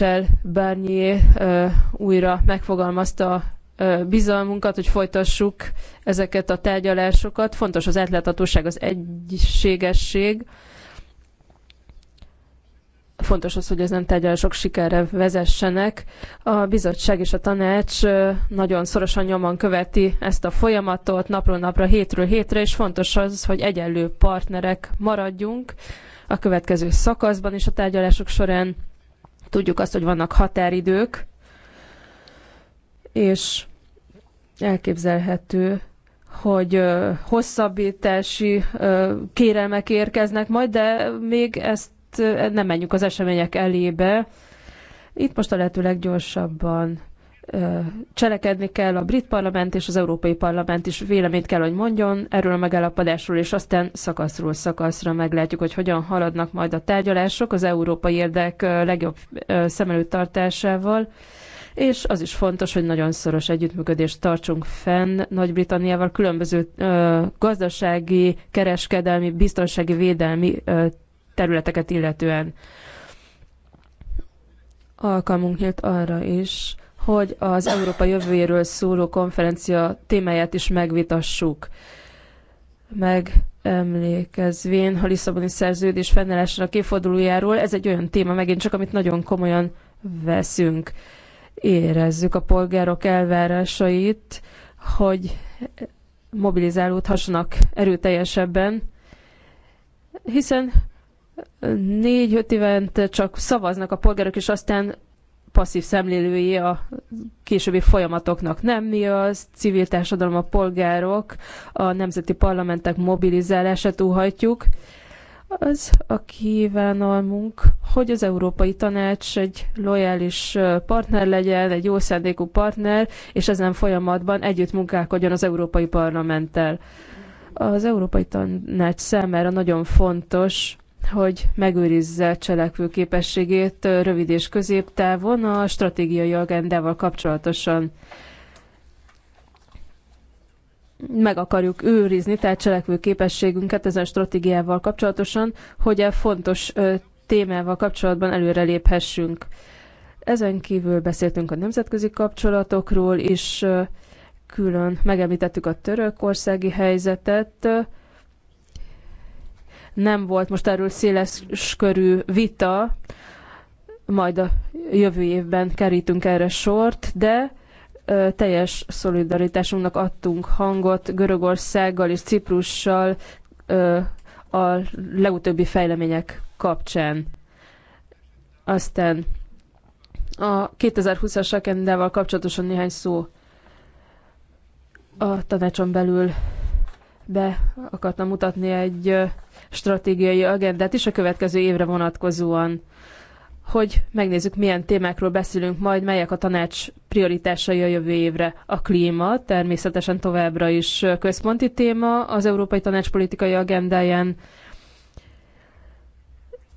Michel Barnier újra megfogalmazta bizalmunkat, hogy folytassuk ezeket a tárgyalásokat. Fontos az átláthatóság, az egységesség. Fontos az, hogy ez nem tárgyalások sikerre vezessenek. A bizottság és a tanács nagyon szorosan nyomon követi ezt a folyamatot napról napra, hétről hétre, és fontos az, hogy egyenlő partnerek maradjunk a következő szakaszban és a tárgyalások során Tudjuk azt, hogy vannak határidők, és elképzelhető, hogy hosszabbítási kérelmek érkeznek majd, de még ezt nem menjünk az események elébe. Itt most a lehető leggyorsabban cselekedni kell, a brit parlament és az európai parlament is véleményt kell, hogy mondjon erről a megállapodásról, és aztán szakaszról szakaszra meglátjuk, hogy hogyan haladnak majd a tárgyalások az európai érdek legjobb szem előtt tartásával. És az is fontos, hogy nagyon szoros együttműködést tartsunk fenn Nagy-Britanniával különböző ö, gazdasági, kereskedelmi, biztonsági, védelmi ö, területeket illetően. Alkalmunk nyílt arra is, hogy az Európa jövőjéről szóló konferencia témáját is megvitassuk. emlékezvén a Lisszaboni szerződés fennállásának évfordulójáról, ez egy olyan téma megint csak, amit nagyon komolyan veszünk. Érezzük a polgárok elvárásait, hogy mobilizálódhassanak erőteljesebben, hiszen négy-öt évente csak szavaznak a polgárok, és aztán passzív szemlélői a későbbi folyamatoknak. Nem mi az civil társadalom, a polgárok, a nemzeti parlamentek mobilizálását úhatjuk. Az a kívánalmunk, hogy az Európai Tanács egy lojális partner legyen, egy jó szándékú partner, és ezen folyamatban együtt munkálkodjon az Európai Parlamenttel. Az Európai Tanács számára nagyon fontos, hogy megőrizze cselekvőképességét rövid és középtávon a stratégiai agendával kapcsolatosan meg akarjuk őrizni, tehát cselekvő képességünket ezen stratégiával kapcsolatosan, hogy e fontos témával kapcsolatban előreléphessünk. Ezen kívül beszéltünk a nemzetközi kapcsolatokról, és külön megemlítettük a törökországi helyzetet, nem volt most erről széles körű vita, majd a jövő évben kerítünk erre sort, de teljes szolidaritásunknak adtunk hangot Görögországgal és Ciprussal a legutóbbi fejlemények kapcsán. Aztán a 2020-as agendával kapcsolatosan néhány szó a tanácson belül be akartam mutatni egy stratégiai agendát is a következő évre vonatkozóan hogy megnézzük, milyen témákról beszélünk majd, melyek a tanács prioritásai a jövő évre. A klíma természetesen továbbra is központi téma az Európai Tanács politikai agendáján.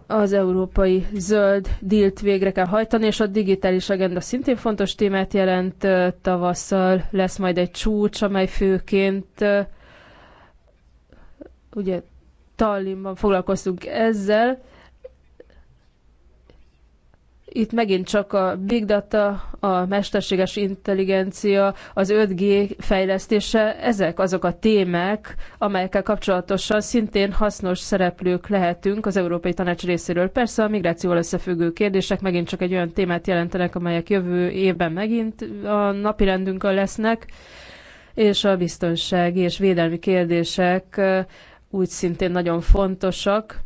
Az Európai Zöld dílt végre kell hajtani, és a digitális agenda szintén fontos témát jelent. Tavasszal lesz majd egy csúcs, amely főként ugye Tallinnban foglalkoztunk ezzel. Itt megint csak a big data, a mesterséges intelligencia, az 5G fejlesztése, ezek azok a témák, amelyekkel kapcsolatosan szintén hasznos szereplők lehetünk az Európai Tanács részéről. Persze a migrációval összefüggő kérdések megint csak egy olyan témát jelentenek, amelyek jövő évben megint a napirendünkön lesznek és a biztonsági és védelmi kérdések úgy szintén nagyon fontosak.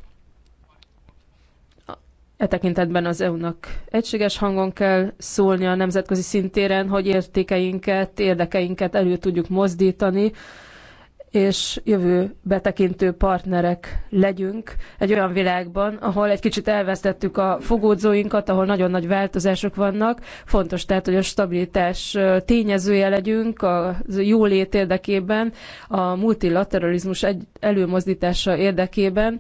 E tekintetben az EU-nak egységes hangon kell szólnia a nemzetközi szintéren, hogy értékeinket, érdekeinket elő tudjuk mozdítani, és jövő betekintő partnerek legyünk egy olyan világban, ahol egy kicsit elvesztettük a fogódzóinkat, ahol nagyon nagy változások vannak. Fontos tehát, hogy a stabilitás tényezője legyünk a jólét érdekében, a multilateralizmus előmozdítása érdekében.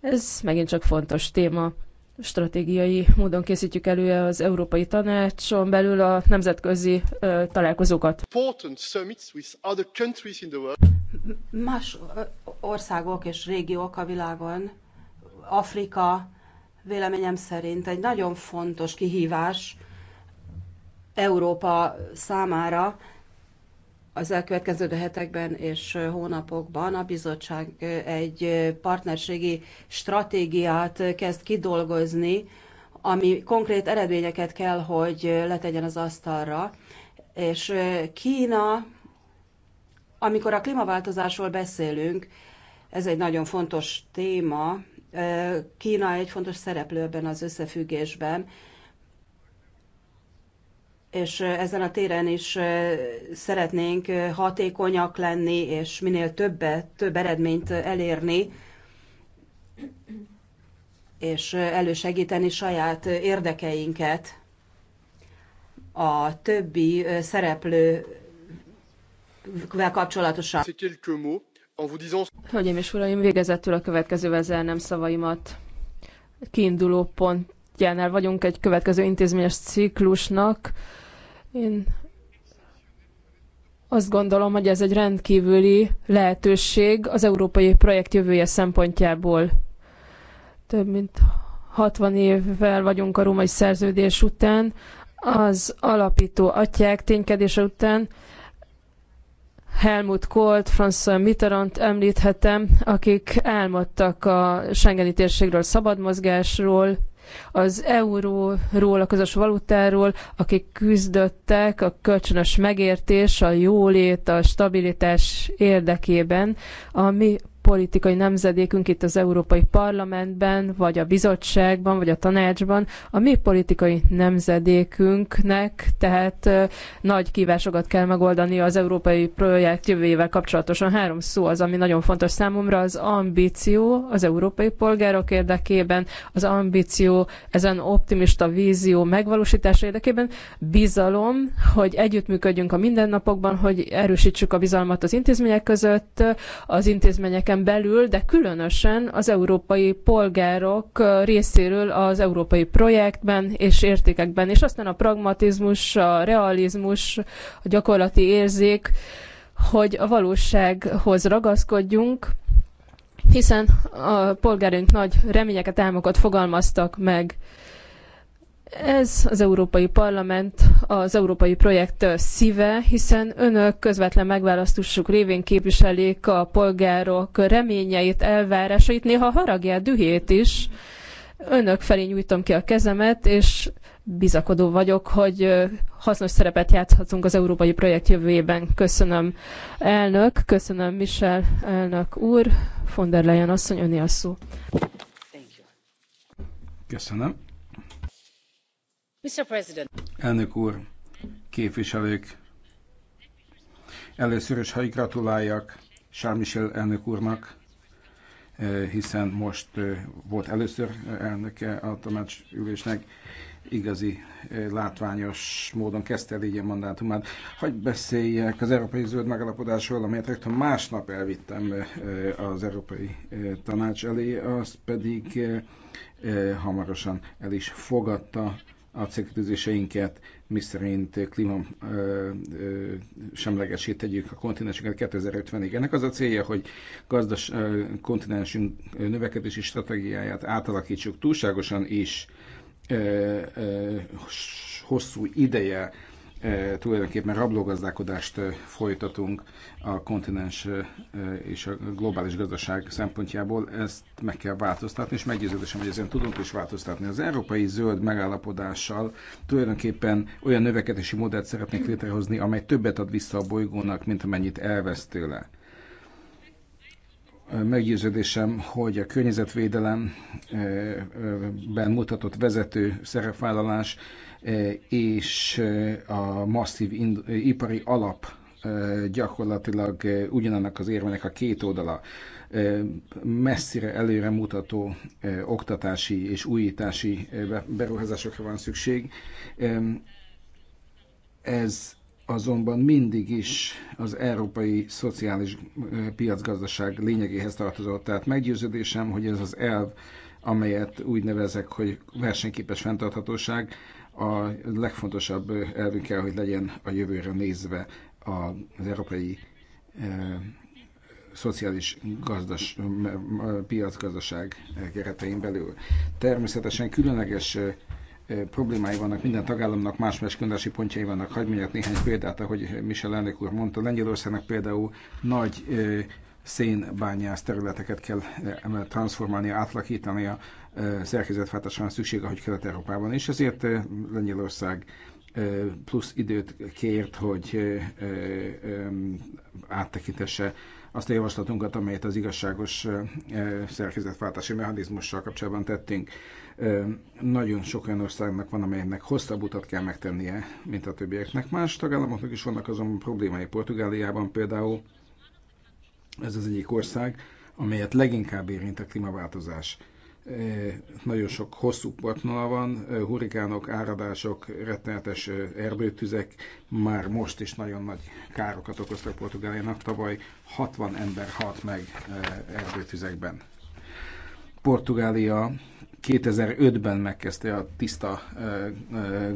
Ez megint csak fontos téma stratégiai módon készítjük elő az Európai Tanácson belül a nemzetközi találkozókat. Más országok és régiók a világon, Afrika véleményem szerint egy nagyon fontos kihívás Európa számára, az elkövetkező hetekben és hónapokban a bizottság egy partnerségi stratégiát kezd kidolgozni, ami konkrét eredményeket kell, hogy letegyen az asztalra. És Kína, amikor a klímaváltozásról beszélünk, ez egy nagyon fontos téma, Kína egy fontos szereplő ebben az összefüggésben, és ezen a téren is szeretnénk hatékonyak lenni, és minél többet, több eredményt elérni, és elősegíteni saját érdekeinket a többi szereplővel kapcsolatosan. Hölgyeim és uraim, végezetül a következővel vezelnem szavaimat. Kiinduló pont útjánál vagyunk egy következő intézményes ciklusnak. Én azt gondolom, hogy ez egy rendkívüli lehetőség az európai projekt jövője szempontjából. Több mint 60 évvel vagyunk a római szerződés után, az alapító atyák ténykedése után Helmut Kolt, François Mitterrand említhetem, akik álmodtak a Schengeni térségről, szabad mozgásról, az euróról, a közös valutáról, akik küzdöttek a kölcsönös megértés, a jólét, a stabilitás érdekében, ami politikai nemzedékünk itt az Európai Parlamentben, vagy a bizottságban, vagy a tanácsban, a mi politikai nemzedékünknek, tehát nagy kívásokat kell megoldani az európai projekt jövőjével kapcsolatosan. Három szó az, ami nagyon fontos számomra, az ambíció az európai polgárok érdekében, az ambíció ezen optimista vízió megvalósítása érdekében, bizalom, hogy együttműködjünk a mindennapokban, hogy erősítsük a bizalmat az intézmények között, az intézményeken Schengen belül, de különösen az európai polgárok részéről az európai projektben és értékekben. És aztán a pragmatizmus, a realizmus, a gyakorlati érzék, hogy a valósághoz ragaszkodjunk, hiszen a polgárunk nagy reményeket, álmokat fogalmaztak meg. Ez az Európai Parlament az európai projekt szíve, hiszen önök közvetlen megválasztásuk révén képviselik a polgárok reményeit, elvárásait, néha haragját, dühét is. Önök felé nyújtom ki a kezemet, és bizakodó vagyok, hogy hasznos szerepet játszhatunk az európai projekt jövőjében. Köszönöm elnök, köszönöm Michel elnök úr, von der Leyen asszony, öné a szó. Köszönöm. Elnök úr, képviselők, először is, hagyj gratuláljak Charles Michel elnök úrnak, eh, hiszen most eh, volt először elnöke a tanácsülésnek, igazi eh, látványos módon kezdte el így a mandátumát. Hagy beszéljek az Európai Zöld Megalapodásról, amelyet rögtön másnap elvittem az Európai Tanács elé, az pedig hamarosan el is fogadta a célkitűzéseinket, miszerint klíma ö, semlegesé tegyük a kontinensünket 2050-ig. Ennek az a célja, hogy gazdas ö, kontinensünk növekedési stratégiáját átalakítsuk túlságosan is ö, ö, hosszú ideje Eh, tulajdonképpen rablógazdálkodást eh, folytatunk a kontinens eh, és a globális gazdaság szempontjából. Ezt meg kell változtatni, és meggyőződésem, hogy ezen tudunk is változtatni. Az európai zöld megállapodással tulajdonképpen olyan növekedési modellt szeretnék létrehozni, amely többet ad vissza a bolygónak, mint amennyit elvesz tőle meggyőződésem, hogy a környezetvédelemben mutatott vezető szerepvállalás Eh, és eh, a masszív eh, ipari alap gyakorlatilag ugyanannak az érvenek a két oldala. Messzire előre mutató oktatási és újítási beruházásokra van szükség. Ez azonban mindig is az európai szociális piacgazdaság lényegéhez tartozott. Tehát meggyőződésem, hogy ez az elv, amelyet úgy nevezek, hogy versenyképes fenntarthatóság, a legfontosabb elvünk kell, hogy legyen a jövőre nézve az európai e, szociális gazdas, piacgazdaság keretein belül. Természetesen különleges eh, problémái vannak minden tagállamnak, más-más különösi pontjai vannak. Hagyj mondjak néhány példát, ahogy Michel elnök úr mondta, Lengyelországnak például nagy eh, szénbányász területeket kell transformálnia, átlakítania szerkezetváltásra van szüksége, hogy Kelet-Európában is, ezért Lengyelország plusz időt kért, hogy áttekintesse azt a javaslatunkat, amelyet az igazságos szerkezetváltási mechanizmussal kapcsolatban tettünk. Nagyon sok olyan országnak van, amelynek hosszabb utat kell megtennie, mint a többieknek. Más tagállamoknak is vannak azon problémái. Portugáliában például ez az egyik ország, amelyet leginkább érint a klímaváltozás nagyon sok hosszú partnal van, hurikánok, áradások, rettenetes erdőtüzek már most is nagyon nagy károkat okoztak Portugáliának. Tavaly 60 ember halt meg eh, erdőtüzekben. Portugália 2005-ben megkezdte a tiszta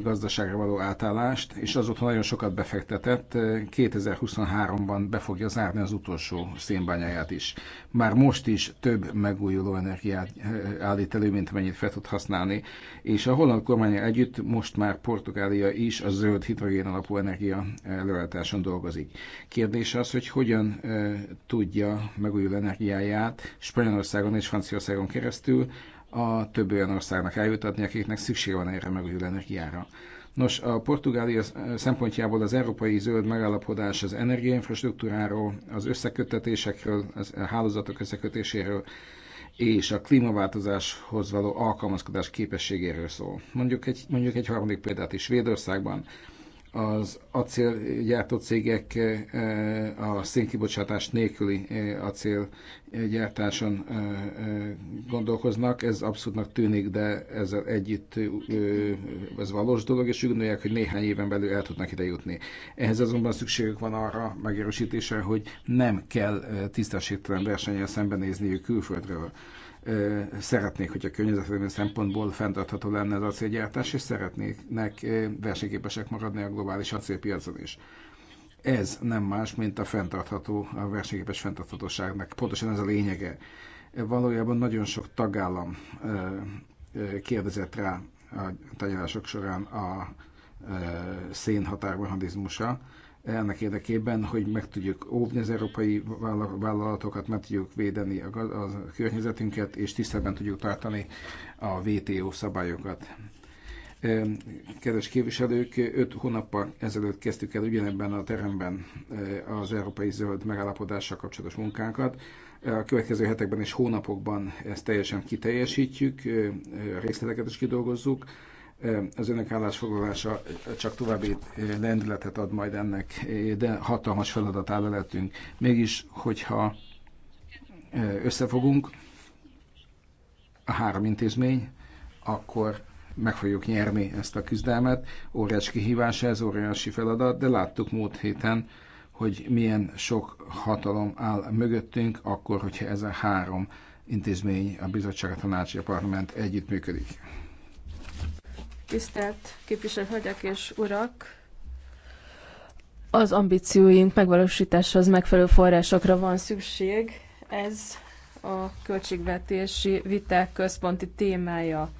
gazdaságra való átállást, és azóta nagyon sokat befektetett, 2023-ban be fogja zárni az utolsó szénbányáját is. Már most is több megújuló energiát állít elő, mint amennyit fel tud használni, és a holland kormány együtt most már Portugália is a zöld hidrogén alapú energia előállításon dolgozik. Kérdés az, hogy hogyan tudja megújuló energiáját Spanyolországon és Franciaországon keresztül a több olyan országnak eljutatni, akiknek szükség van erre megújuló energiára. Nos, a Portugália szempontjából az európai zöld megállapodás az energiainfrastruktúráról, az összekötetésekről, a hálózatok összekötéséről és a klímaváltozáshoz való alkalmazkodás képességéről szól. Mondjuk egy, mondjuk egy harmadik példát is Svédországban az acélgyártó cégek e, e, a szénkibocsátás nélküli e, acélgyártáson gondolkoznak. Ez abszurdnak tűnik, de ezzel együtt ez valós dolog, és úgy gondolják, hogy néhány éven belül el tudnak ide jutni. Ehhez azonban szükségük van arra megerősítésre, hogy nem kell tisztességtelen versenyel szembenézniük külföldről szeretnék, hogy a környezetvédelmi szempontból fenntartható lenne az acélgyártás, és szeretnének versenyképesek maradni a globális acélpiacon is. Ez nem más, mint a fenntartható, a versenyképes fenntarthatóságnak. Pontosan ez a lényege. Valójában nagyon sok tagállam kérdezett rá a tárgyalások során a szénhatármechanizmusa, ennek érdekében, hogy meg tudjuk óvni az európai vállalatokat, meg tudjuk védeni a, a környezetünket, és tisztelben tudjuk tartani a WTO szabályokat. Kedves képviselők, öt hónappal ezelőtt kezdtük el ugyanebben a teremben az európai zöld megállapodással kapcsolatos munkánkat. A következő hetekben és hónapokban ezt teljesen kiteljesítjük, részleteket is kidolgozzuk az önök állásfoglalása csak további lendületet ad majd ennek, de hatalmas feladat áll előttünk. Mégis, hogyha e, összefogunk, a három intézmény, akkor meg fogjuk nyerni ezt a küzdelmet. Óriás kihívás ez, óriási feladat, de láttuk múlt héten, hogy milyen sok hatalom áll mögöttünk, akkor, hogyha ez a három intézmény, a bizottság, a tanács, a parlament együttműködik. Tisztelt képviselő hölgyek és urak! Az ambícióink megvalósításához megfelelő forrásokra van szükség. Ez a költségvetési viták központi témája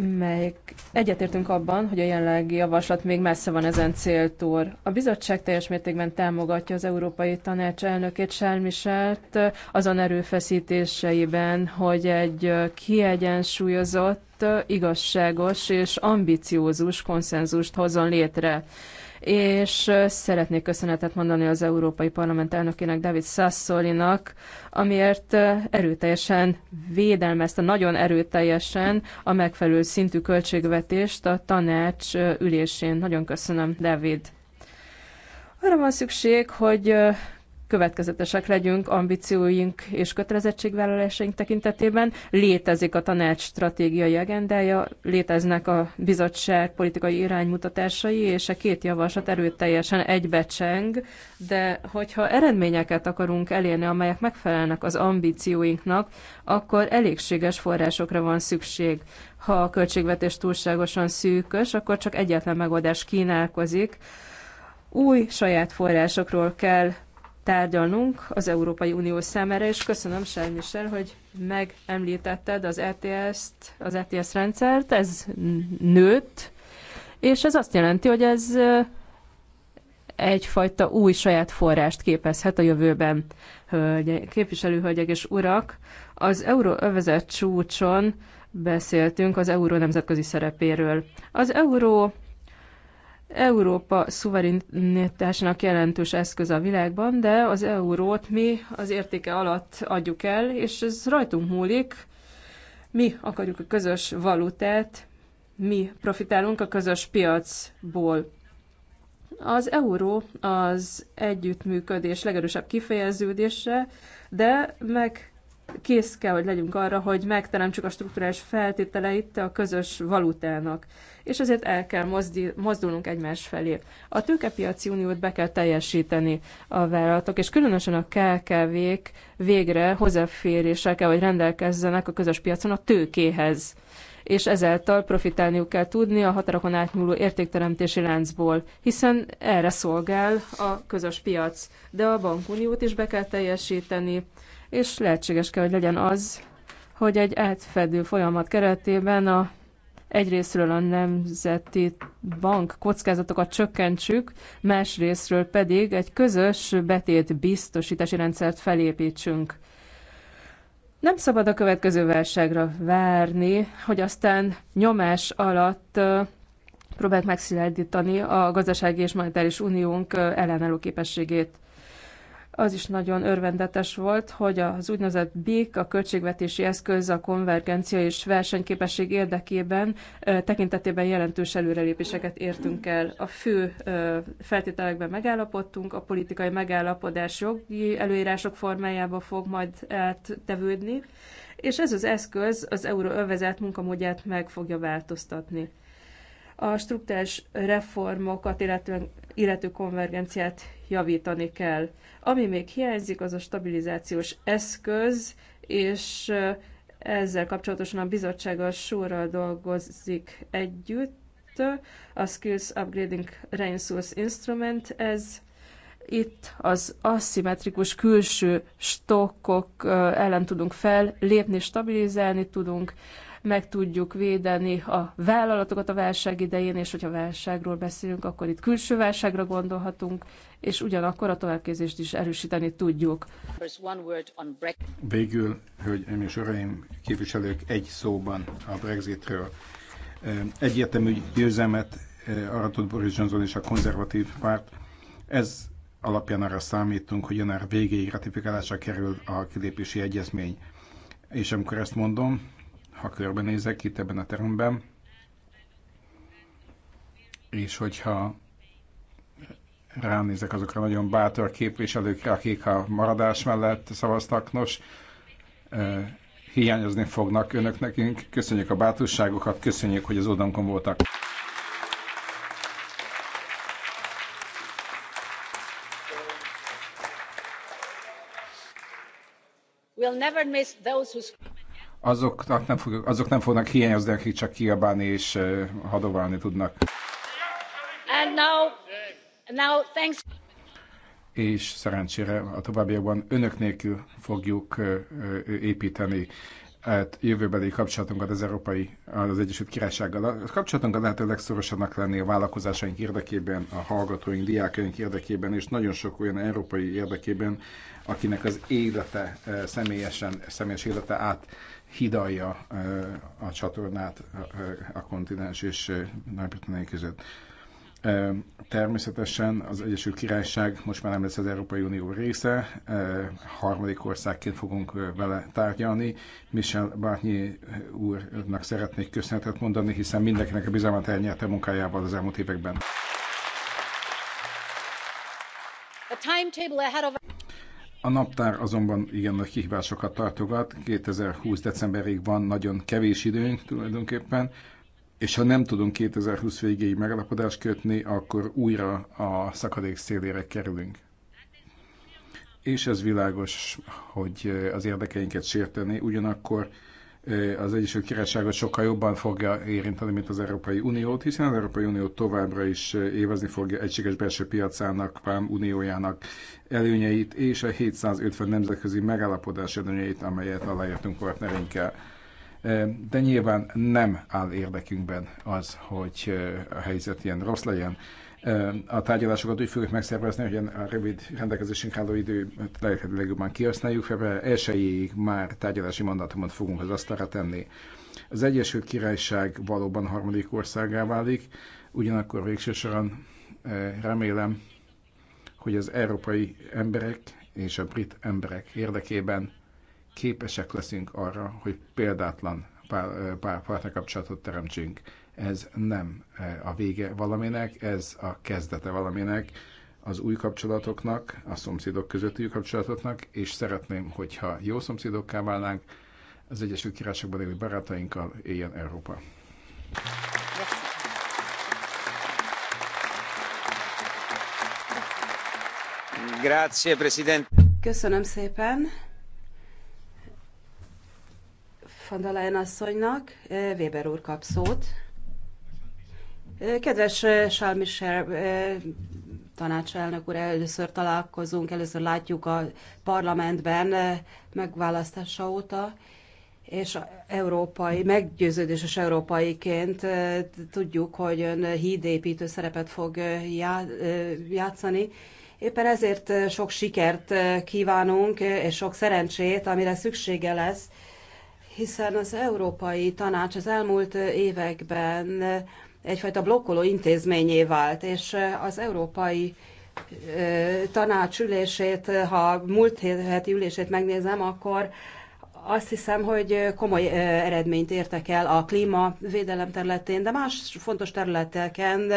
melyik egyetértünk abban, hogy a jelenlegi javaslat még messze van ezen céltól. A bizottság teljes mértékben támogatja az Európai Tanács elnökét, Sármiselt, azon erőfeszítéseiben, hogy egy kiegyensúlyozott, igazságos és ambiciózus konszenzust hozzon létre és szeretnék köszönetet mondani az Európai Parlament elnökének David Sassolinak, amiért erőteljesen védelmezte, nagyon erőteljesen a megfelelő szintű költségvetést a tanács ülésén. Nagyon köszönöm, David. Arra van szükség, hogy következetesek legyünk ambícióink és kötelezettségvállalásaink tekintetében. Létezik a tanács stratégiai agendája, léteznek a bizottság politikai iránymutatásai, és a két javaslat erőteljesen egybecseng, de hogyha eredményeket akarunk elérni, amelyek megfelelnek az ambícióinknak, akkor elégséges forrásokra van szükség. Ha a költségvetés túlságosan szűkös, akkor csak egyetlen megoldás kínálkozik, új saját forrásokról kell tárgyalnunk az Európai Unió számára, és köszönöm, Charles Michel, hogy megemlítetted az ETS-t, az ETS rendszert, ez nőtt, és ez azt jelenti, hogy ez egyfajta új saját forrást képezhet a jövőben. Hölgye, képviselőhölgyek és urak, az euróövezet csúcson beszéltünk az euró nemzetközi szerepéről. Az euró Európa szuverenitásnak jelentős eszköz a világban, de az eurót mi az értéke alatt adjuk el, és ez rajtunk múlik. Mi akarjuk a közös valutát, mi profitálunk a közös piacból. Az euró az együttműködés legerősebb kifejeződése, de meg kész kell, hogy legyünk arra, hogy megteremtsük a strukturális feltételeit a közös valutának. És ezért el kell mozdi, mozdulnunk egymás felé. A tőkepiaci uniót be kell teljesíteni a vállalatok, és különösen a KKV-k végre hozzáféréssel kell, hogy rendelkezzenek a közös piacon a tőkéhez és ezáltal profitálniuk kell tudni a határokon átnyúló értékteremtési láncból, hiszen erre szolgál a közös piac. De a bankuniót is be kell teljesíteni, és lehetséges kell, hogy legyen az, hogy egy átfedő folyamat keretében a egyrésztről a nemzeti bank kockázatokat csökkentsük, másrésztről pedig egy közös betét biztosítási rendszert felépítsünk. Nem szabad a következő válságra várni, hogy aztán nyomás alatt próbált megszilárdítani a gazdasági és monetáris uniónk ellenálló képességét. Az is nagyon örvendetes volt, hogy az úgynevezett BIK, a költségvetési eszköz a konvergencia és versenyképesség érdekében tekintetében jelentős előrelépéseket értünk el. A fő feltételekben megállapodtunk, a politikai megállapodás jogi előírások formájába fog majd áttevődni, és ez az eszköz az euróövezet munkamódját meg fogja változtatni. A struktúrás reformokat, illetően illető konvergenciát javítani kell. Ami még hiányzik, az a stabilizációs eszköz, és eh, ezzel kapcsolatosan a bizottság a sorral dolgozik együtt. A Skills Upgrading Resource Instrument, ez itt az aszimmetrikus külső stokkok eh, ellen tudunk fellépni, stabilizálni tudunk, meg tudjuk védeni a vállalatokat a válság idején, és hogyha válságról beszélünk, akkor itt külső válságra gondolhatunk, és ugyanakkor a továbbképzést is erősíteni tudjuk. Végül, hölgyeim és uraim, képviselők, egy szóban a Brexitről. Egyértelmű győzelmet aratott Boris Johnson és a konzervatív párt. Ez alapján arra számítunk, hogy január végéig ratifikálásra kerül a kilépési egyezmény. És amikor ezt mondom, ha körbenézek itt ebben a teremben, és hogyha ránézek azokra nagyon bátor képviselőkre, akik a maradás mellett szavaztak. Nos, hiányozni fognak önök nekünk. Köszönjük a bátorságokat, köszönjük, hogy az odankon voltak. We'll never miss those who... Azoknak nem, fog, azok nem fognak hiányozni, akik csak kiabálni és hadoválni tudnak. And now és szerencsére a továbbiakban önök nélkül fogjuk építeni hát jövőbeli kapcsolatunkat az Európai, az Egyesült Királysággal. A kapcsolatunkat lehető legszorosabbnak lenni a vállalkozásaink érdekében, a hallgatóink, diákaink érdekében, és nagyon sok olyan európai érdekében, akinek az élete, személyesen, személyes élete át hidalja a csatornát a kontinens és nagy között. Természetesen az Egyesült Királyság most már nem lesz az Európai Unió része, harmadik országként fogunk vele tárgyalni. Michel Barnier úrnak szeretnék köszönetet mondani, hiszen mindenkinek a bizalmat elnyerte munkájával az elmúlt években. A naptár azonban igen nagy kihívásokat tartogat. 2020. decemberig van nagyon kevés időnk tulajdonképpen és ha nem tudunk 2020 végéig megállapodást kötni, akkor újra a szakadék szélére kerülünk. És ez világos, hogy eh, az érdekeinket sérteni, ugyanakkor eh, az Egyesült Királyságot sokkal jobban fogja érinteni, mint az Európai Uniót, hiszen az Európai Unió továbbra is eh, évezni fogja egységes belső piacának, vám uniójának előnyeit és a 750 nemzetközi megállapodás előnyeit, amelyet aláértünk partnerinkkel de nyilván nem áll érdekünkben az, hogy a helyzet ilyen rossz legyen. A tárgyalásokat úgy fogjuk megszervezni, hogy a rövid rendelkezésünk álló időt lehetőleg legjobban kihasználjuk, mert elsőjéig már tárgyalási mandátumot fogunk az asztalra tenni. Az Egyesült Királyság valóban harmadik országá válik, ugyanakkor végső soron remélem, hogy az európai emberek és a brit emberek érdekében képesek leszünk arra, hogy példátlan pár, eh, pár partnerkapcsolatot teremtsünk. Ez nem eh, a vége valaminek, ez a kezdete valaminek, az új kapcsolatoknak, a szomszédok közötti új kapcsolatoknak, és szeretném, hogyha jó szomszédokká válnánk, az Egyesült Királyságban élő barátainkkal éljen Európa. Grazie, Presidente. Köszönöm szépen von der Leyen asszonynak. Weber úr kap szót. Kedves Charles Michel tanácselnök úr, először találkozunk, először látjuk a parlamentben megválasztása óta, és európai, meggyőződéses európaiként tudjuk, hogy ön hídépítő szerepet fog játszani. Éppen ezért sok sikert kívánunk, és sok szerencsét, amire szüksége lesz hiszen az Európai Tanács az elmúlt években egyfajta blokkoló intézményé vált, és az Európai Tanács ülését, ha múlt heti ülését megnézem, akkor azt hiszem, hogy komoly eredményt értek el a klímavédelem területén, de más fontos területeken.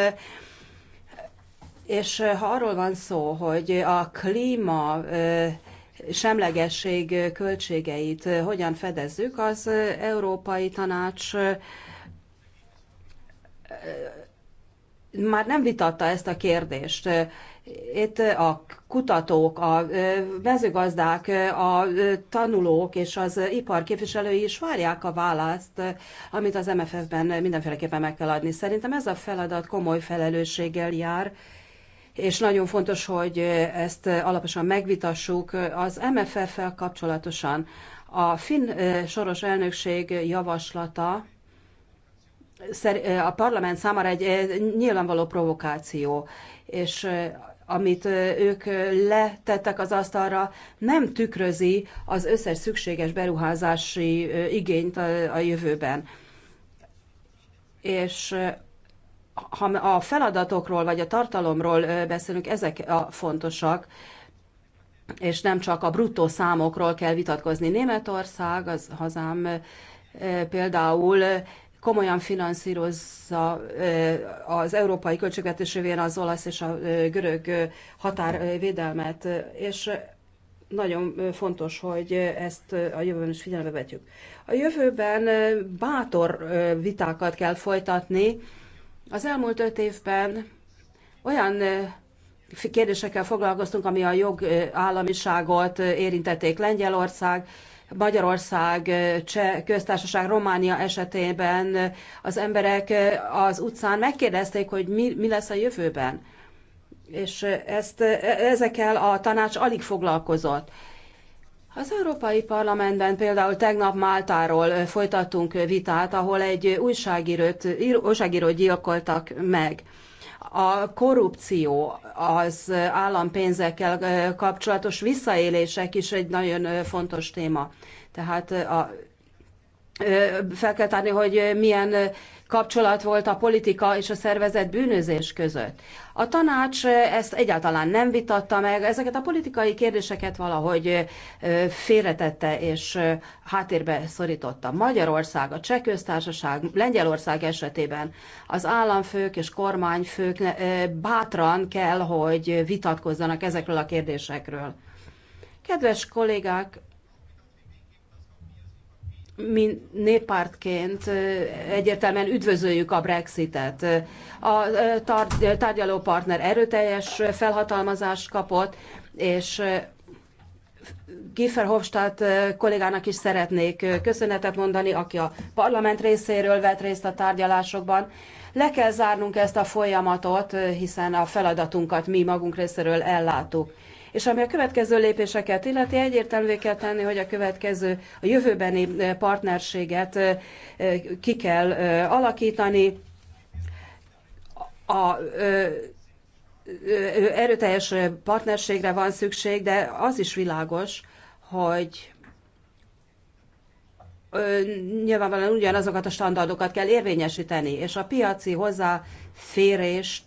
És ha arról van szó, hogy a klíma semlegesség költségeit hogyan fedezzük, az Európai Tanács már nem vitatta ezt a kérdést. Itt a kutatók, a mezőgazdák, a tanulók és az ipar képviselői is várják a választ, amit az MFF-ben mindenféleképpen meg kell adni. Szerintem ez a feladat komoly felelősséggel jár, és nagyon fontos, hogy ezt alaposan megvitassuk az MFF-fel kapcsolatosan. A finn soros elnökség javaslata a parlament számára egy nyilvánvaló provokáció, és amit ők letettek az asztalra, nem tükrözi az összes szükséges beruházási igényt a jövőben. És ha a feladatokról vagy a tartalomról beszélünk, ezek a fontosak, és nem csak a bruttó számokról kell vitatkozni. Németország, az hazám például komolyan finanszírozza az európai költségvetés az olasz és a görög határvédelmet, és nagyon fontos, hogy ezt a jövőben is figyelembe vetjük. A jövőben bátor vitákat kell folytatni, az elmúlt öt évben olyan kérdésekkel foglalkoztunk, ami a jogállamiságot érintették Lengyelország, Magyarország, Cseh köztársaság, Románia esetében az emberek az utcán megkérdezték, hogy mi, mi lesz a jövőben. És ezt, ezekkel a tanács alig foglalkozott. Az Európai Parlamentben például tegnap Máltáról folytattunk vitát, ahol egy újságírót, újságírót gyilkoltak meg. A korrupció az állampénzekkel kapcsolatos visszaélések is egy nagyon fontos téma. Tehát a, fel kell tárni, hogy milyen kapcsolat volt a politika és a szervezet bűnözés között. A tanács ezt egyáltalán nem vitatta meg, ezeket a politikai kérdéseket valahogy félretette és háttérbe szorította. Magyarország, a Cseh köztársaság, Lengyelország esetében az államfők és kormányfők bátran kell, hogy vitatkozzanak ezekről a kérdésekről. Kedves kollégák, mi néppártként egyértelműen üdvözöljük a Brexitet. A tárgyalópartner erőteljes felhatalmazást kapott, és Giffer Hofstadt kollégának is szeretnék köszönetet mondani, aki a parlament részéről vett részt a tárgyalásokban. Le kell zárnunk ezt a folyamatot, hiszen a feladatunkat mi magunk részéről elláttuk. És ami a következő lépéseket illeti, egyértelművé kell tenni, hogy a következő, a jövőbeni partnerséget ki kell alakítani. A erőteljes partnerségre van szükség, de az is világos, hogy nyilvánvalóan ugyanazokat a standardokat kell érvényesíteni, és a piaci hozzáférést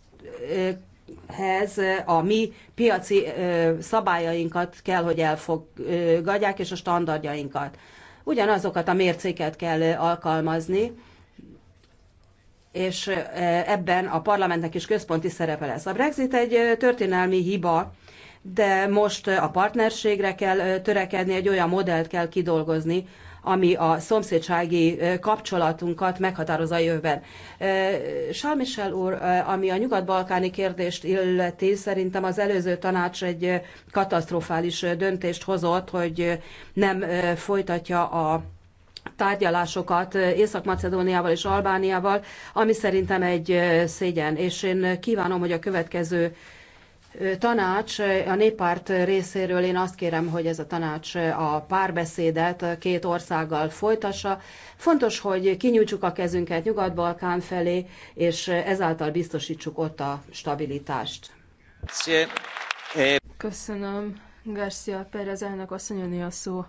ez a mi piaci szabályainkat kell, hogy elfogadják, és a standardjainkat. Ugyanazokat a mércéket kell alkalmazni, és ebben a parlamentnek is központi szerepe lesz. A Brexit egy történelmi hiba, de most a partnerségre kell törekedni, egy olyan modellt kell kidolgozni, ami a szomszédsági kapcsolatunkat meghatározza a jövőben. Sálmisel úr, ami a nyugat-balkáni kérdést illeti, szerintem az előző tanács egy katasztrofális döntést hozott, hogy nem folytatja a tárgyalásokat Észak-Macedóniával és Albániával, ami szerintem egy szégyen, és én kívánom, hogy a következő tanács a néppárt részéről én azt kérem, hogy ez a tanács a párbeszédet két országgal folytassa. Fontos, hogy kinyújtsuk a kezünket Nyugat-Balkán felé, és ezáltal biztosítsuk ott a stabilitást. Köszönöm. Garcia Pérez elnök asszony a szó.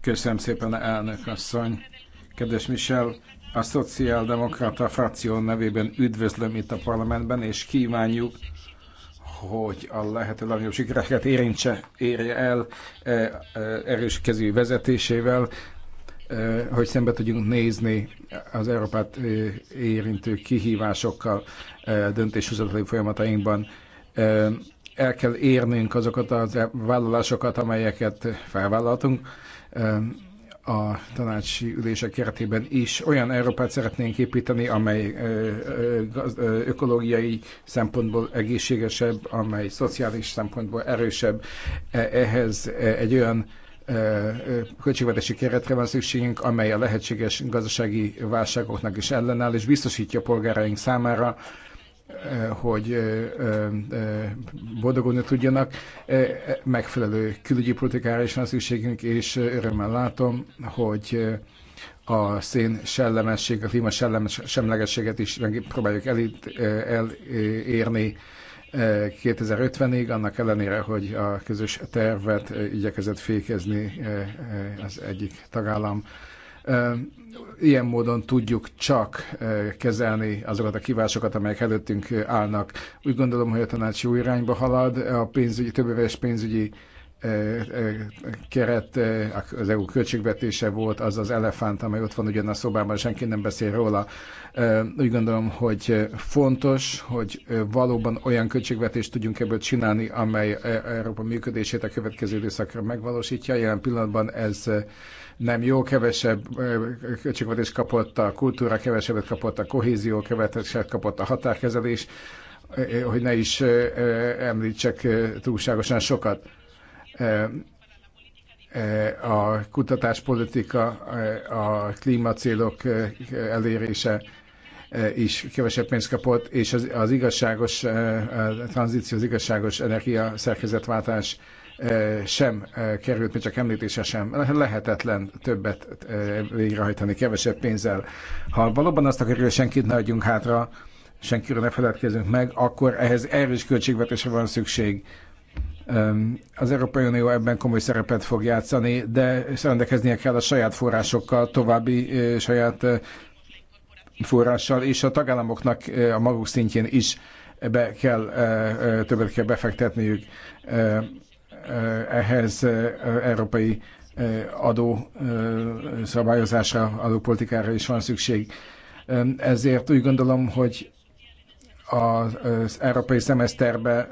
Köszönöm szépen, elnök asszony. Kedves Michel, a Szociáldemokrata frakció nevében üdvözlöm itt a parlamentben, és kívánjuk, hogy a lehető legnagyobb sikereket érintse, érje el e, e, erős kezű vezetésével, e, hogy szembe tudjunk nézni az Európát érintő kihívásokkal döntéshozatali folyamatainkban. El kell érnünk azokat a az vállalásokat, amelyeket felvállaltunk a tanácsi ülések keretében is olyan Európát szeretnénk építeni, amely ökológiai szempontból egészségesebb, amely szociális szempontból erősebb. E, ehhez e, egy olyan költségvetési keretre van szükségünk, amely a lehetséges gazdasági válságoknak is ellenáll, és biztosítja a polgáraink számára, hogy boldogulni tudjanak. Megfelelő külügyi politikára is van szükségünk, és örömmel látom, hogy a szén sellemesség, a klíma semlegességet is próbáljuk elérni 2050-ig, annak ellenére, hogy a közös tervet igyekezett fékezni az egyik tagállam. Ilyen módon tudjuk csak kezelni azokat a kívásokat, amelyek előttünk állnak. Úgy gondolom, hogy a tanács jó irányba halad, a pénzügyi, több éves pénzügyi keret, az EU költségvetése volt, az az elefánt, amely ott van ugyan a szobában, senki nem beszél róla. Úgy gondolom, hogy fontos, hogy valóban olyan költségvetést tudjunk ebből csinálni, amely Európa működését a következő időszakra megvalósítja. Jelen pillanatban ez nem jó, kevesebb költségvetést kapott a kultúra, kevesebbet kapott a kohézió, kevesebbet kapott a határkezelés, hogy ne is említsek túlságosan sokat a kutatáspolitika, a klímacélok elérése is kevesebb pénzt kapott, és az, az igazságos a tranzíció, az igazságos energia szerkezetváltás e, sem e, került, még csak említése sem. Lehetetlen többet e, végrehajtani kevesebb pénzzel. Ha valóban azt akarjuk, hogy senkit ne adjunk hátra, senkiről ne feledkezünk meg, akkor ehhez erős költségvetésre van szükség az Európai Unió ebben komoly szerepet fog játszani, de rendelkeznie kell a saját forrásokkal, további saját forrással, és a tagállamoknak a maguk szintjén is be kell, többet kell befektetniük ehhez európai adó szabályozásra, adópolitikára is van szükség. Ezért úgy gondolom, hogy az európai szemeszterbe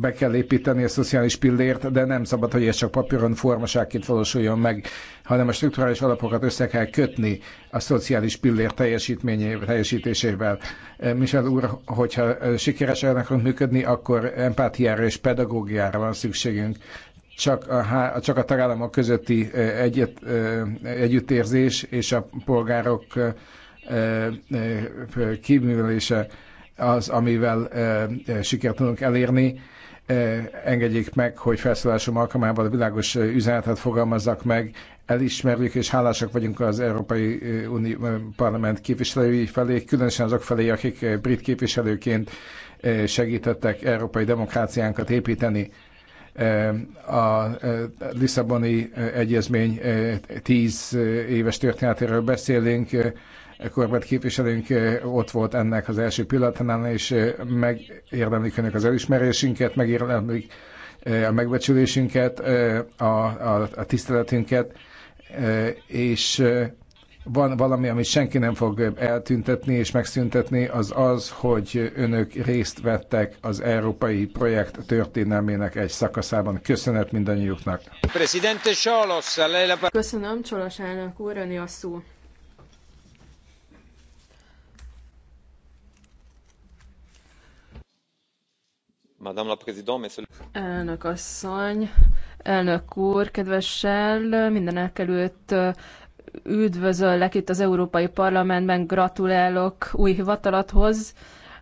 be kell építeni a szociális pillért, de nem szabad, hogy ez csak papíron formaságként valósuljon meg, hanem a strukturális alapokat össze kell kötni a szociális pillér teljesítésével. Michel úr, hogyha sikeresen akarunk működni, akkor empátiára és pedagógiára van szükségünk csak a, csak a tagállamok közötti egyet, együttérzés és a polgárok kívülése az, amivel sikert tudunk elérni. Engedjék meg, hogy felszólásom alkalmával a világos üzenetet fogalmazzak meg. Elismerjük és hálásak vagyunk az Európai Unió Parlament képviselői felé, különösen azok felé, akik brit képviselőként segítettek európai demokráciánkat építeni a Lisszaboni Egyezmény tíz éves történetéről beszélünk, Korbett képviselőnk ott volt ennek az első pillanatánál, és megérdemlik önök az elismerésünket, megérdemlik a megbecsülésünket, a, a, a tiszteletünket, és van valami, amit senki nem fog eltüntetni és megszüntetni, az az, hogy önök részt vettek az európai projekt történelmének egy szakaszában. Köszönet mindannyiuknak! Köszönöm, Csolos elnök úr, a szó. Madame la Présidente, Monsieur... Elnök asszony, elnök úr, kedves Sell, mindenek előtt üdvözöllek itt az Európai Parlamentben, gratulálok új hivatalathoz.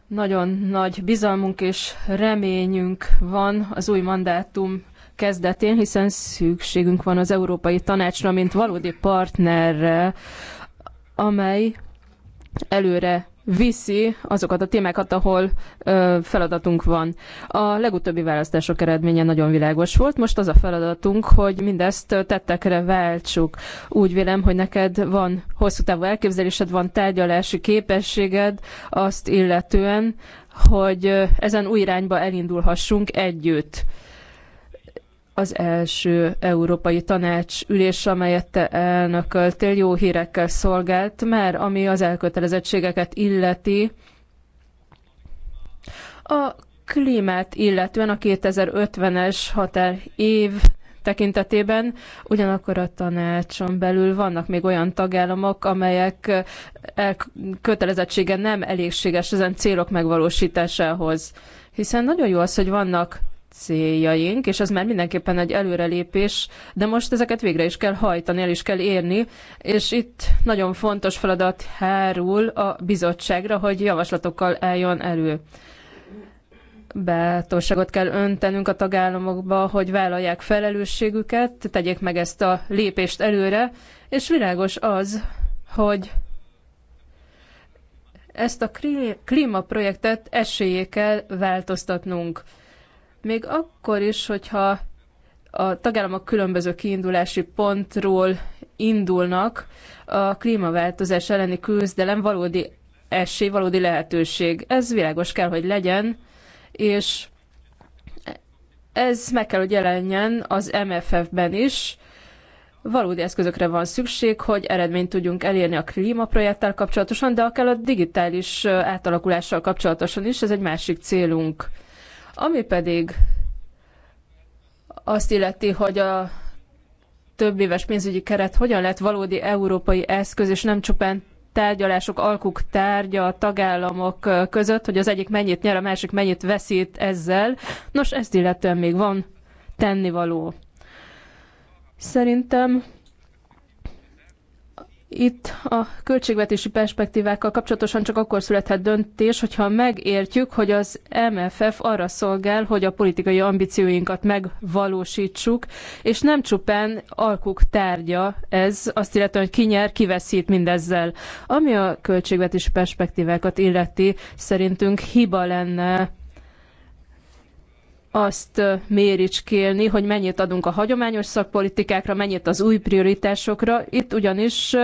Nagyon nagy bizalmunk és reményünk van az új mandátum kezdetén, hiszen szükségünk van az Európai Tanácsra, mint valódi partnerre, amely előre viszi azokat a témákat, ahol ö, feladatunk van. A legutóbbi választások eredménye nagyon világos volt, most az a feladatunk, hogy mindezt tettekre váltsuk. Úgy vélem, hogy neked van hosszú távú elképzelésed, van tárgyalási képességed azt illetően, hogy ezen új irányba elindulhassunk együtt az első Európai Tanács ülés, amelyet te elnököltél, jó hírekkel szolgált, mert ami az elkötelezettségeket illeti. A klímát illetően a 2050-es határ év tekintetében, ugyanakkor a tanácson belül vannak még olyan tagállamok, amelyek eh, kötelezettsége nem elégséges ezen célok megvalósításához. Hiszen nagyon jó az, hogy vannak céljaink, és ez már mindenképpen egy előrelépés, de most ezeket végre is kell hajtani, el is kell érni, és itt nagyon fontos feladat hárul a bizottságra, hogy javaslatokkal eljön elő. Bátorságot kell öntenünk a tagállamokba, hogy vállalják felelősségüket, tegyék meg ezt a lépést előre, és világos az, hogy ezt a klímaprojektet esélyé kell változtatnunk. Még akkor is, hogyha a tagállamok különböző kiindulási pontról indulnak, a klímaváltozás elleni küzdelem valódi esély, valódi lehetőség. Ez világos kell, hogy legyen, és ez meg kell, hogy jelenjen az MFF-ben is. Valódi eszközökre van szükség, hogy eredményt tudjunk elérni a klímaprojekttel kapcsolatosan, de akár a digitális átalakulással kapcsolatosan is, ez egy másik célunk. Ami pedig azt illeti, hogy a több éves pénzügyi keret hogyan lett valódi európai eszköz, és nem csupán tárgyalások, alkuk tárgya a tagállamok között, hogy az egyik mennyit nyer, a másik mennyit veszít ezzel. Nos, ezt illetően még van tennivaló. Szerintem itt a költségvetési perspektívákkal kapcsolatosan csak akkor születhet döntés, hogyha megértjük, hogy az MFF arra szolgál, hogy a politikai ambícióinkat megvalósítsuk, és nem csupán alkuk tárgya ez, azt illetve, hogy ki nyer, ki veszít mindezzel. Ami a költségvetési perspektívákat illeti, szerintünk hiba lenne azt méricskélni, hogy mennyit adunk a hagyományos szakpolitikákra, mennyit az új prioritásokra. Itt ugyanis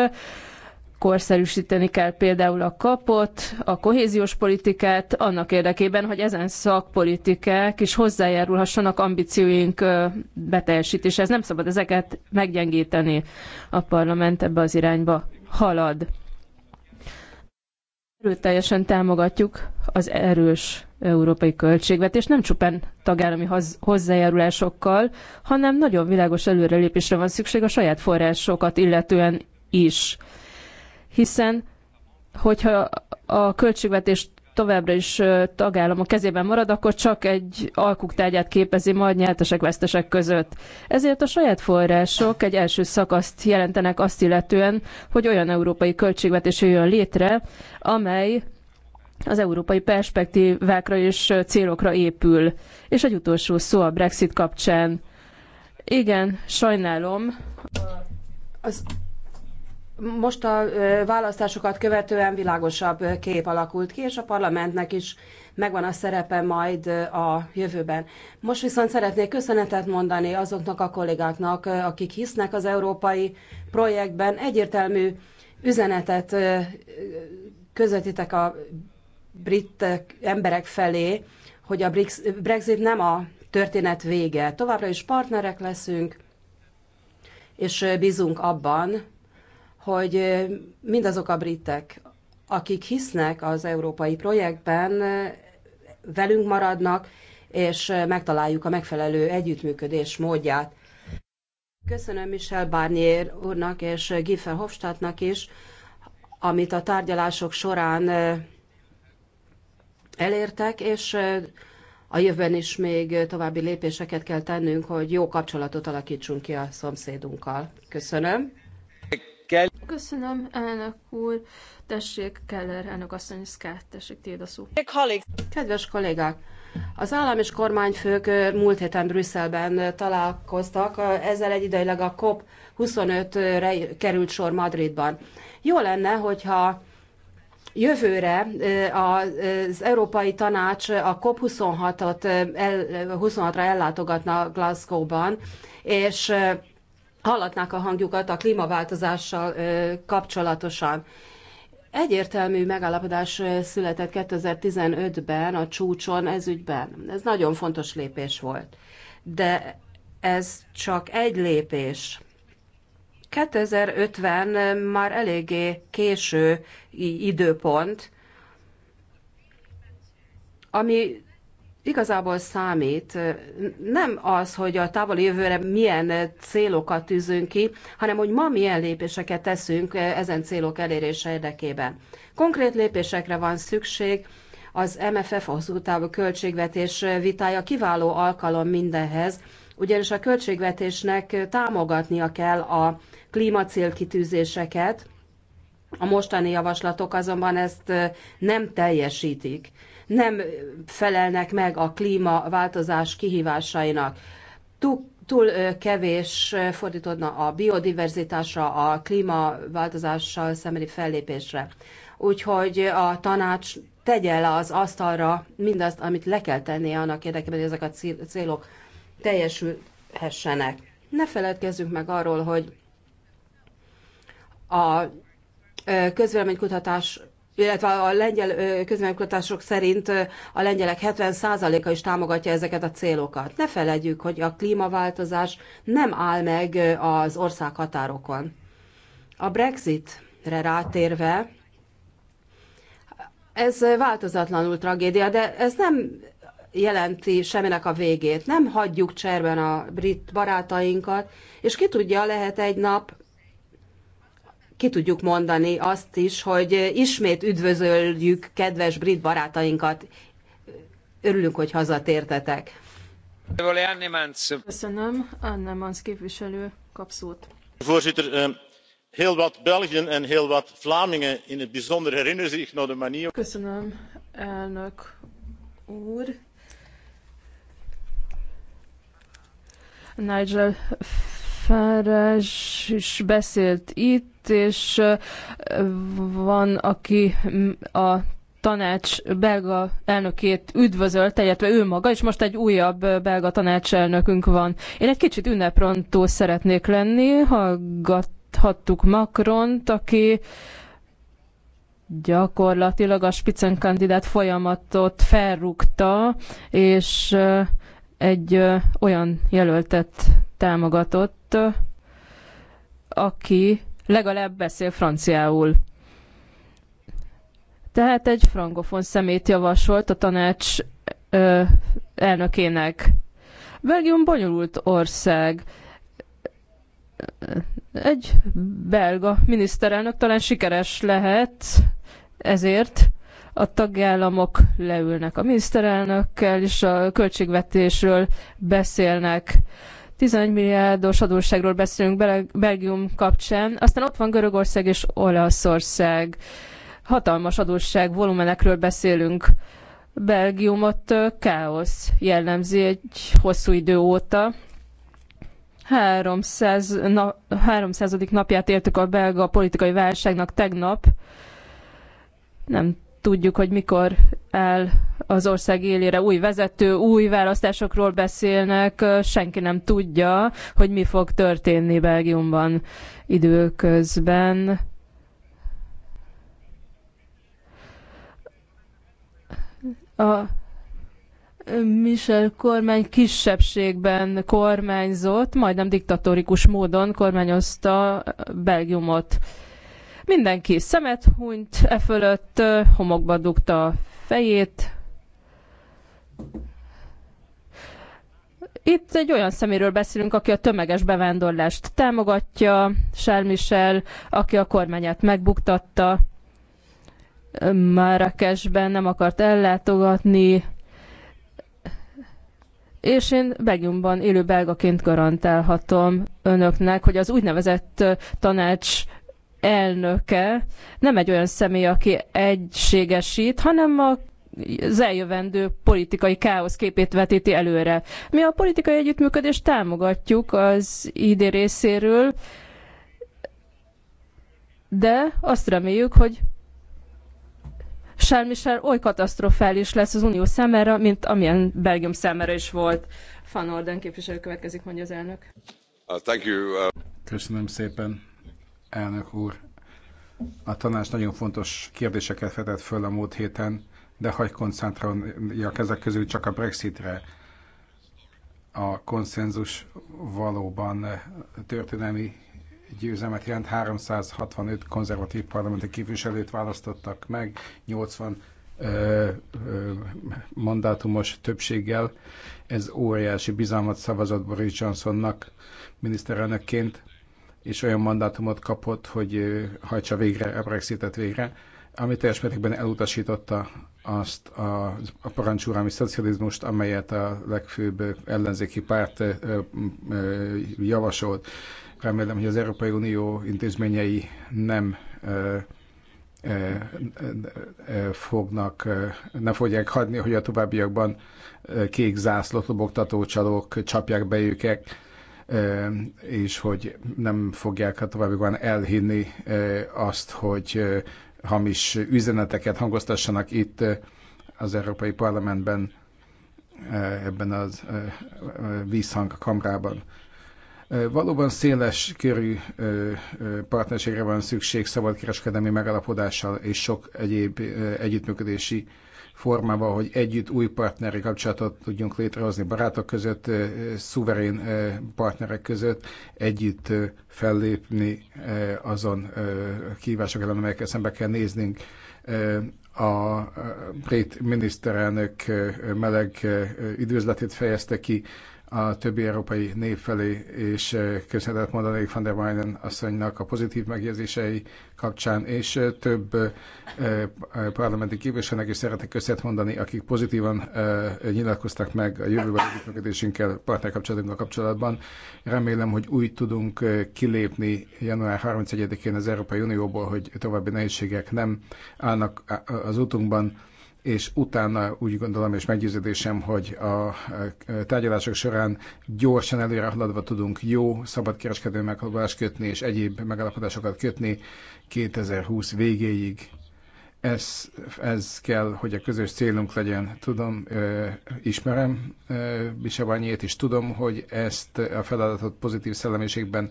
korszerűsíteni kell például a kapot, a kohéziós politikát, annak érdekében, hogy ezen szakpolitikák is hozzájárulhassanak ambícióink beteljesítéséhez. Nem szabad ezeket meggyengíteni. A parlament ebbe az irányba halad. Erőteljesen támogatjuk az erős európai költségvetés, nem csupán tagállami hozzájárulásokkal, hanem nagyon világos előrelépésre van szükség a saját forrásokat illetően is. Hiszen, hogyha a költségvetés továbbra is tagállamok kezében marad, akkor csak egy alkuktárgyát képezi majd nyertesek vesztesek között. Ezért a saját források egy első szakaszt jelentenek azt illetően, hogy olyan európai költségvetés jöjjön létre, amely az európai perspektívákra és célokra épül. És egy utolsó szó a Brexit kapcsán. Igen, sajnálom. Az most a választásokat követően világosabb kép alakult ki, és a parlamentnek is megvan a szerepe majd a jövőben. Most viszont szeretnék köszönetet mondani azoknak a kollégáknak, akik hisznek az európai projektben. Egyértelmű üzenetet közvetítek a brit emberek felé, hogy a Brexit nem a történet vége. Továbbra is partnerek leszünk, és bízunk abban, hogy mindazok a britek, akik hisznek az európai projektben, velünk maradnak, és megtaláljuk a megfelelő együttműködés módját. Köszönöm Michel Barnier úrnak és Giffel Hofstadtnak is, amit a tárgyalások során elértek, és a jövőben is még további lépéseket kell tennünk, hogy jó kapcsolatot alakítsunk ki a szomszédunkkal. Köszönöm. Köszönöm, elnök úr. Tessék, Keller, elnök asszony, Szkát, tessék, tiéd a szó. Kedves kollégák, az állam és kormányfők múlt héten Brüsszelben találkoztak, ezzel egyidejileg a COP 25-re került sor Madridban. Jó lenne, hogyha Jövőre az Európai Tanács a COP26-ot, 26-ra ellátogatna Glasgow-ban, és hallatnák a hangjukat a klímaváltozással kapcsolatosan. Egyértelmű megállapodás született 2015-ben a csúcson ez ügyben. Ez nagyon fontos lépés volt. De ez csak egy lépés. 2050 már eléggé késő időpont, ami igazából számít nem az, hogy a távoli jövőre milyen célokat tűzünk ki, hanem hogy ma milyen lépéseket teszünk ezen célok elérése érdekében. Konkrét lépésekre van szükség, az MFF hosszú távú költségvetés vitája kiváló alkalom mindenhez, ugyanis a költségvetésnek támogatnia kell a klímacélkitűzéseket, a mostani javaslatok azonban ezt nem teljesítik, nem felelnek meg a klímaváltozás kihívásainak. Túl, túl kevés fordítodna a biodiverzitásra, a klímaváltozással szembeni fellépésre. Úgyhogy a tanács tegye le az asztalra mindazt, amit le kell tennie annak érdekében, hogy ezek a célok teljesülhessenek. Ne feledkezzünk meg arról, hogy a közvéleménykutatás illetve a lengyel közvéleménykutatások szerint a lengyelek 70%-a is támogatja ezeket a célokat. Ne feledjük, hogy a klímaváltozás nem áll meg az ország határokon. A Brexitre rátérve, ez változatlanul tragédia, de ez nem jelenti semminek a végét. Nem hagyjuk cserben a brit barátainkat, és ki tudja, lehet egy nap ki tudjuk mondani azt is, hogy ismét üdvözöljük kedves brit barátainkat. Örülünk, hogy hazatértetek. Köszönöm. Anne Mans képviselő kap szót. Voorzitter, ehm, heel wat en heel wat Vlamingen in het bijzonder zich de manier. Köszönöm, elnök úr. Nigel Farage is beszélt itt, és van, aki a tanács belga elnökét üdvözölt, illetve ő maga, és most egy újabb belga tanácselnökünk van. Én egy kicsit ünneprontó szeretnék lenni, hallgathattuk Macront, aki gyakorlatilag a Spitzenkandidát folyamatot felrúgta, és egy olyan jelöltet támogatott, aki legalább beszél franciául. Tehát egy frangofon szemét javasolt a tanács ö, elnökének. Belgium bonyolult ország. Egy belga miniszterelnök talán sikeres lehet ezért, a tagállamok leülnek a miniszterelnökkel, és a költségvetésről beszélnek. 11 milliárdos adósságról beszélünk Belgium kapcsán, aztán ott van Görögország és Olaszország. Hatalmas adósság volumenekről beszélünk. Belgiumot káosz jellemzi egy hosszú idő óta. 300, na, 300. napját éltük a belga politikai válságnak tegnap. Nem tudjuk, hogy mikor áll az ország élére új vezető, új választásokról beszélnek, senki nem tudja, hogy mi fog történni Belgiumban időközben. A Michel kormány kisebbségben kormányzott, majdnem diktatórikus módon kormányozta Belgiumot. Mindenki szemet hunyt, e fölött homokba dugta a fejét. Itt egy olyan szeméről beszélünk, aki a tömeges bevándorlást támogatja, Charles Michel, aki a kormányát megbuktatta, Marrakesben nem akart ellátogatni, és én Belgiumban élő belgaként garantálhatom önöknek, hogy az úgynevezett tanács elnöke nem egy olyan személy, aki egységesít, hanem a az eljövendő politikai káosz képét vetíti előre. Mi a politikai együttműködést támogatjuk az ID részéről, de azt reméljük, hogy Charles Michel oly katasztrofális lesz az Unió számára, mint amilyen Belgium számára is volt. Van Orden képviselő következik, mondja az elnök. Uh, uh, Köszönöm szépen elnök úr. A tanács nagyon fontos kérdéseket vetett föl a múlt héten, de hagy koncentráljak ezek közül csak a Brexitre. A konszenzus valóban történelmi győzelmet jelent. 365 konzervatív parlamenti képviselőt választottak meg, 80 ö, ö, mandátumos többséggel. Ez óriási bizalmat szavazott Boris Johnsonnak miniszterelnökként és olyan mandátumot kapott, hogy hajtsa végre a Brexitet végre, ami teljes mértékben elutasította azt a, a parancsúrámi szocializmust, amelyet a legfőbb ellenzéki párt ö, ö, javasolt. Remélem, hogy az Európai Unió intézményei nem ö, fognak, nem fogják hagyni, hogy a továbbiakban kék zászlót lobogtató csalók csapják be őket és hogy nem fogják a továbbiakban elhinni azt, hogy hamis üzeneteket hangoztassanak itt az Európai Parlamentben, ebben az vízhang kamrában. Valóban széles körű partnerségre van szükség szabadkereskedelmi megalapodással és sok egyéb együttműködési formában, hogy együtt új partneri kapcsolatot tudjunk létrehozni barátok között, szuverén partnerek között, együtt fellépni azon kívások ellen, amelyekkel szembe kell néznünk. A brit miniszterelnök meleg üdvözletét fejezte ki a többi európai név felé, és eh, köszönetet mondanék van der Weinen asszonynak a pozitív megjegyzései kapcsán, és eh, több eh, parlamenti képviselőnek is szeretek köszönet mondani, akik pozitívan nyilatkoztak meg a jövőben együttműködésünkkel, partnerkapcsolatunkkal kapcsolatban. Remélem, hogy úgy tudunk kilépni január 31-én az Európai Unióból, hogy további nehézségek nem állnak az utunkban, és utána úgy gondolom és meggyőződésem, hogy a tárgyalások során gyorsan előre haladva tudunk jó szabadkereskedelmi megalapodást kötni és egyéb megalapodásokat kötni 2020 végéig. Ez, ez kell, hogy a közös célunk legyen. Tudom, ismerem Bisebanyét, és tudom, hogy ezt a feladatot pozitív szellemiségben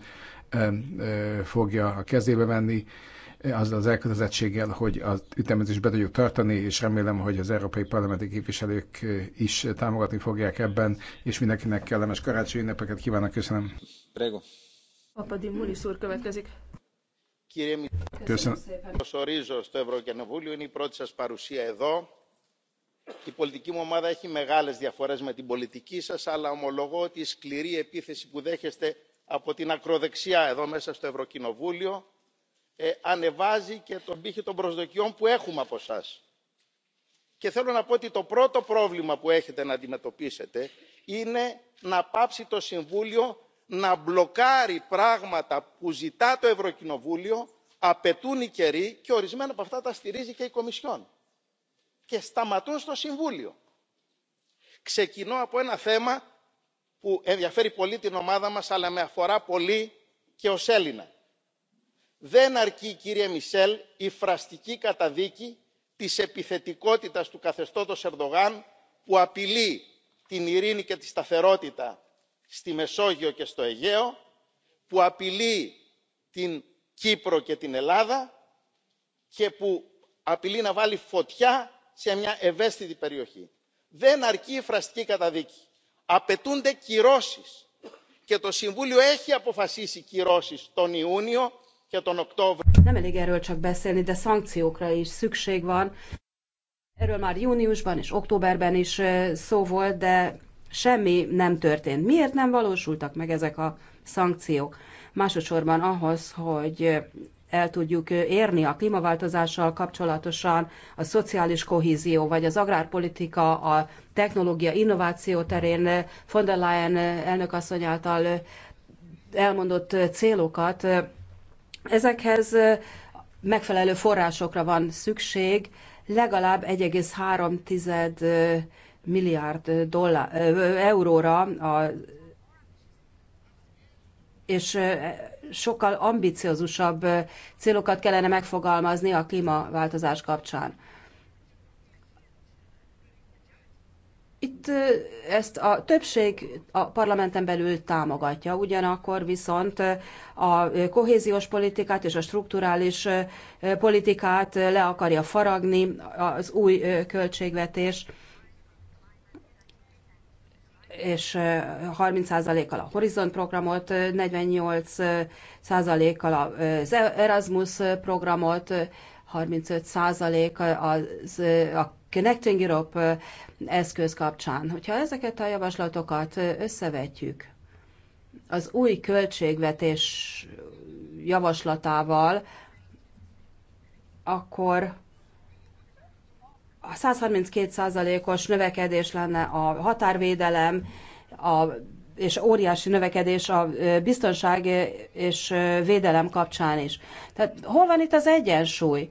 fogja a kezébe venni az az elkötelezettséggel, hogy az ütemezést be tudjuk tartani, és remélem, hogy az európai parlamenti képviselők is támogatni fogják ebben, és mindenkinek kellemes karácsonyi ünnepeket kívánok. Köszönöm. Prego. Apadi Mulis úr következik. Köszönöm. Köszönöm. Ορίζω στο Ευρωκοινοβούλιο είναι η Η πολιτική μου ομάδα έχει μεγάλες διαφορές με την πολιτική σας, αλλά ομολογώ ότι η σκληρή επίθεση που δέχεστε από την ακροδεξιά εδώ μέσα στο Ευρωκοινοβούλιο ανεβάζει και τον πύχη των προσδοκιών που έχουμε από εσάς. Και θέλω να πω ότι το πρώτο πρόβλημα που έχετε να αντιμετωπίσετε είναι να πάψει το Συμβούλιο να μπλοκάρει πράγματα που ζητά το Ευρωκοινοβούλιο, απαιτούν οι καιροί και ορισμένα από αυτά τα στηρίζει και η Κομισιόν. Και σταματούν στο Συμβούλιο. Ξεκινώ από ένα θέμα που ενδιαφέρει πολύ την ομάδα μας αλλά με αφορά πολύ και ως Έλληνα δεν αρκεί κύριε μισελ η φραστική καταδίκη της επιθετικότητας του καθεστώτος ερντογάν που απειλεί την ειρήνη και τη σταθερότητα στη μεσόγειο και στο αιγαίο που απειλεί την κύπρο και την ελλάδα και που απειλεί να βάλει φωτιά σε μια ευαίσθητη περιοχή. δεν αρκεί η φραστική καταδίκη. απαιτούνται κυρώσεις και το συμβούλιο έχει αποφασίσει κυρώσεις τον ιούνιο nem elég erről csak beszélni, de szankciókra is szükség van. Erről már júniusban és októberben is szó volt, de semmi nem történt. Miért nem valósultak meg ezek a szankciók? Másodszorban ahhoz, hogy el tudjuk érni a klímaváltozással kapcsolatosan, a szociális kohézió vagy az agrárpolitika, a technológia, innováció terén von der Leyen elnök asszony által elmondott célokat Ezekhez megfelelő forrásokra van szükség, legalább 1,3 milliárd dollár, euróra, a, és sokkal ambiciózusabb célokat kellene megfogalmazni a klímaváltozás kapcsán. Itt ezt a többség a parlamenten belül támogatja, ugyanakkor viszont a kohéziós politikát és a strukturális politikát le akarja faragni az új költségvetés, és 30%-kal a Horizont programot, 48%-kal az Erasmus programot, 35%-kal az, a Connecting Europe eszköz kapcsán. Hogyha ezeket a javaslatokat összevetjük az új költségvetés javaslatával, akkor a 132%-os növekedés lenne a határvédelem, a, és óriási növekedés a biztonság és védelem kapcsán is. Tehát hol van itt az egyensúly?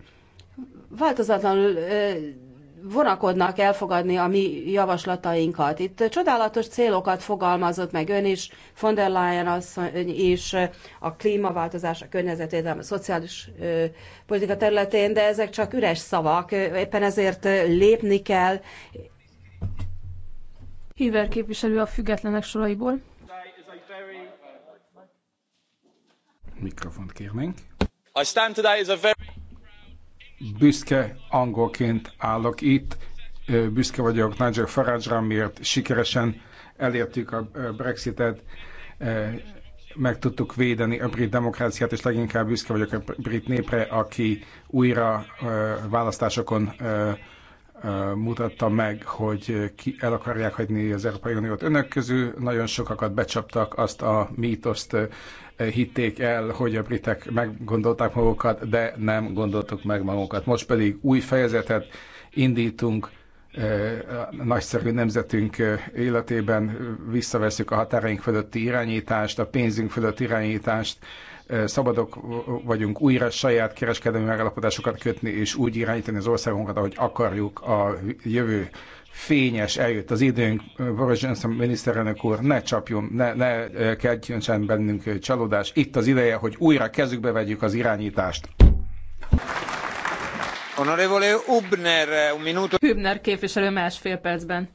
Változatlanul vonakodnak elfogadni a mi javaslatainkat. Itt csodálatos célokat fogalmazott meg ön is, von der Leyen asszony is, a klímaváltozás, a környezetvédelem, a szociális politika területén, de ezek csak üres szavak, éppen ezért lépni kell. Híver képviselő a függetlenek soraiból. Mikrofont kérnénk. I stand today as a very büszke angolként állok itt, büszke vagyok Nigel Farage-ra, miért sikeresen elértük a Brexitet, meg tudtuk védeni a brit demokráciát, és leginkább büszke vagyok a brit népre, aki újra választásokon mutatta meg, hogy ki el akarják hagyni az Európai Uniót. Önök közül nagyon sokakat becsaptak azt a mítoszt, hitték el, hogy a britek meggondolták magukat, de nem gondoltuk meg magukat. Most pedig új fejezetet indítunk eh, a nagyszerű nemzetünk eh, életében, visszaveszük a határaink fölötti irányítást, a pénzünk fölötti irányítást, eh, szabadok vagyunk újra saját kereskedelmi megállapodásokat kötni, és úgy irányítani az országunkat, ahogy akarjuk a jövő fényes, eljött az időnk, Boris Johnson miniszterelnök úr, ne csapjon, ne, ne eh, keltjön bennünk eh, csalódás. Itt az ideje, hogy újra kezükbe vegyük az irányítást. Honorevole Hübner, un minuto. Hübner képviselő másfél percben.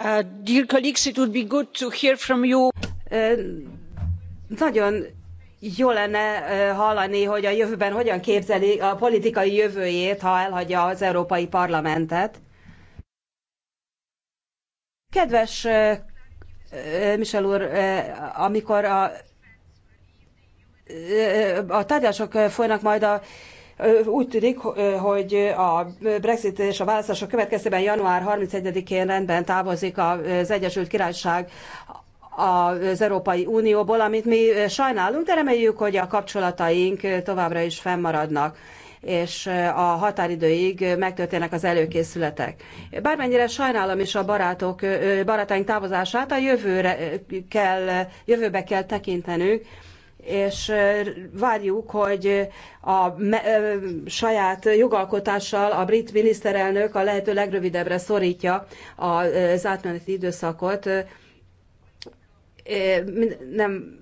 Uh, dear colleagues, it would be good to hear from you. Uh, nagyon jó lenne hallani, hogy a jövőben hogyan képzeli a politikai jövőjét, ha elhagyja az Európai Parlamentet. Kedves Michel úr, amikor a, a tárgyalások folynak majd a úgy tűnik, hogy a Brexit és a választások következtében január 31-én rendben távozik az Egyesült Királyság az Európai Unióból, amit mi eh, sajnálunk, de reméljük, hogy a kapcsolataink továbbra is fennmaradnak és eh, a határidőig megtörténnek az előkészületek. Bármennyire sajnálom is a barátok, eh, barátaink távozását, a jövőre kell, jövőbe kell tekintenünk, és várjuk, hogy a saját jogalkotással a brit miniszterelnök a lehető legrövidebbre szorítja az átmeneti időszakot, nem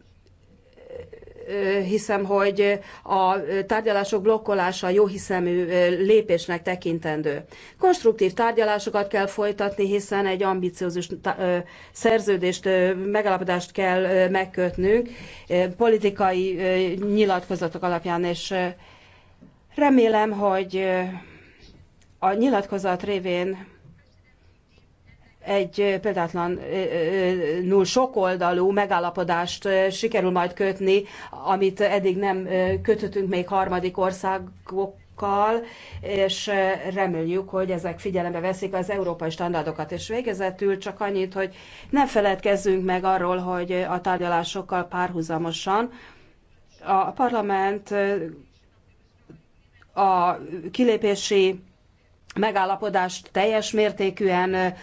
hiszem, hogy a tárgyalások blokkolása hiszemű lépésnek tekintendő. Konstruktív tárgyalásokat kell folytatni, hiszen egy ambiciózus szerződést, megállapodást kell megkötnünk politikai nyilatkozatok alapján, és remélem, hogy a nyilatkozat révén egy példátlanul sokoldalú megállapodást sikerül majd kötni, amit eddig nem kötöttünk még harmadik országokkal, és reméljük, hogy ezek figyelembe veszik az európai standardokat. És végezetül csak annyit, hogy nem feledkezzünk meg arról, hogy a tárgyalásokkal párhuzamosan a parlament a kilépési megállapodást teljes mértékűen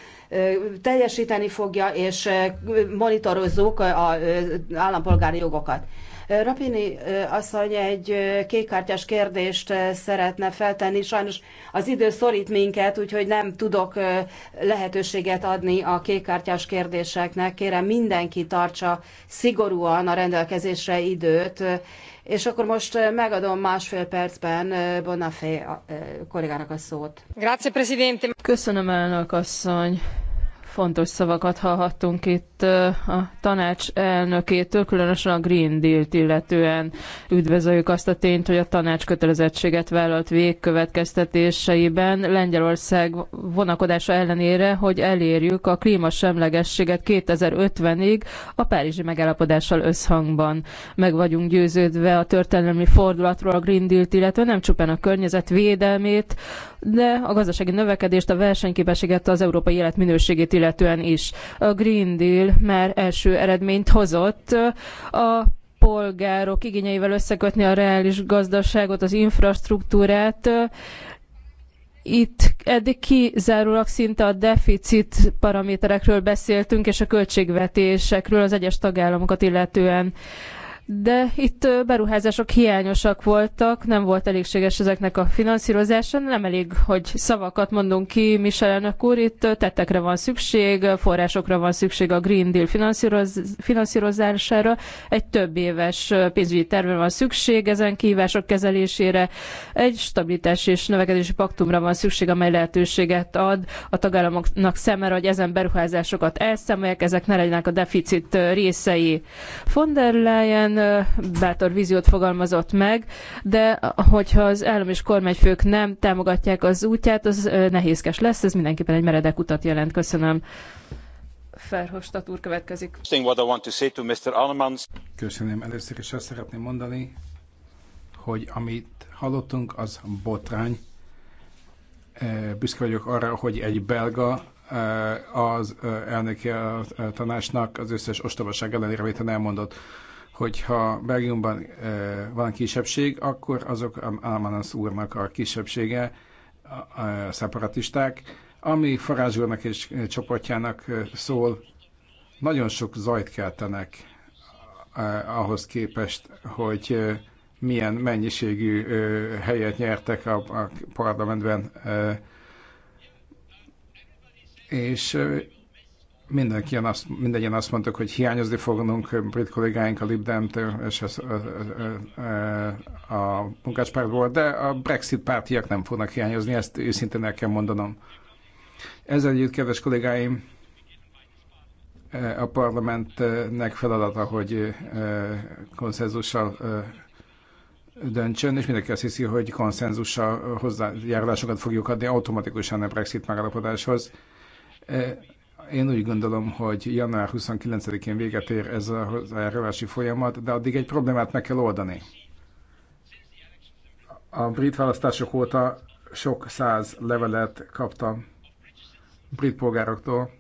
teljesíteni fogja, és monitorozzuk az állampolgári jogokat. Rapini asszony egy kékkártyás kérdést szeretne feltenni. Sajnos az idő szorít minket, úgyhogy nem tudok lehetőséget adni a kékkártyás kérdéseknek. Kérem mindenki tartsa szigorúan a rendelkezésre időt, és akkor most eh, megadom másfél percben eh, Bonafé eh, kollégának a szót. Grazie, Presidente. Köszönöm, elnök asszony. Fontos szavakat hallhattunk itt a tanács elnökétől, különösen a Green Deal-t illetően üdvözöljük azt a tényt, hogy a tanács kötelezettséget vállalt végkövetkeztetéseiben Lengyelország vonakodása ellenére, hogy elérjük a klímasemlegességet 2050-ig a Párizsi megállapodással összhangban. Meg vagyunk győződve a történelmi fordulatról a Green Deal-t, illetve nem csupán a környezet védelmét, de a gazdasági növekedést, a versenyképességet, az európai életminőségét illetően is. A Green Deal már első eredményt hozott. A polgárok igényeivel összekötni a reális gazdaságot, az infrastruktúrát, itt eddig kizárólag szinte a deficit paraméterekről beszéltünk, és a költségvetésekről az egyes tagállamokat illetően de itt beruházások hiányosak voltak, nem volt elégséges ezeknek a finanszírozása, nem elég, hogy szavakat mondunk ki, Michel elnök úr, itt tettekre van szükség, forrásokra van szükség a Green Deal finanszíroz, finanszírozására, egy több éves pénzügyi terve van szükség ezen kihívások kezelésére, egy stabilitási és növekedési paktumra van szükség, amely lehetőséget ad a tagállamoknak szemre, hogy ezen beruházásokat elszámolják, ezek ne legyenek a deficit részei. Von der Leyen ilyen bátor víziót fogalmazott meg, de hogyha az állam és kormányfők nem támogatják az útját, az nehézkes lesz, ez mindenképpen egy meredek utat jelent. Köszönöm. Ferhostat úr következik. Köszönöm. Először is azt szeretném mondani, hogy amit hallottunk, az botrány. Büszke vagyok arra, hogy egy belga az elnöke a tanácsnak az összes ostobaság ellenére, amit elmondott hogyha Belgiumban van kisebbség, akkor azok Almanas úrnak a kisebbsége, a szeparatisták, ami Farázs úrnak és csoportjának szól, nagyon sok zajt keltenek ahhoz képest, hogy milyen mennyiségű helyet nyertek a, a parlamentben. És mindenki azt, mindegyen azt mondtuk, hogy hiányozni fognunk brit kollégáink a Lib és a, a, a, a munkáspártból, de a Brexit pártiak nem fognak hiányozni, ezt őszintén el kell mondanom. Ezzel együtt, kedves kollégáim, a parlamentnek feladata, hogy konszenzussal döntsön, és mindenki azt hiszi, hogy konszenzussal hozzájárulásokat fogjuk adni automatikusan a Brexit megállapodáshoz. Én úgy gondolom, hogy január 29-én véget ér ez az elrövási folyamat, de addig egy problémát meg kell oldani. A brit választások óta sok száz levelet kaptam brit polgároktól,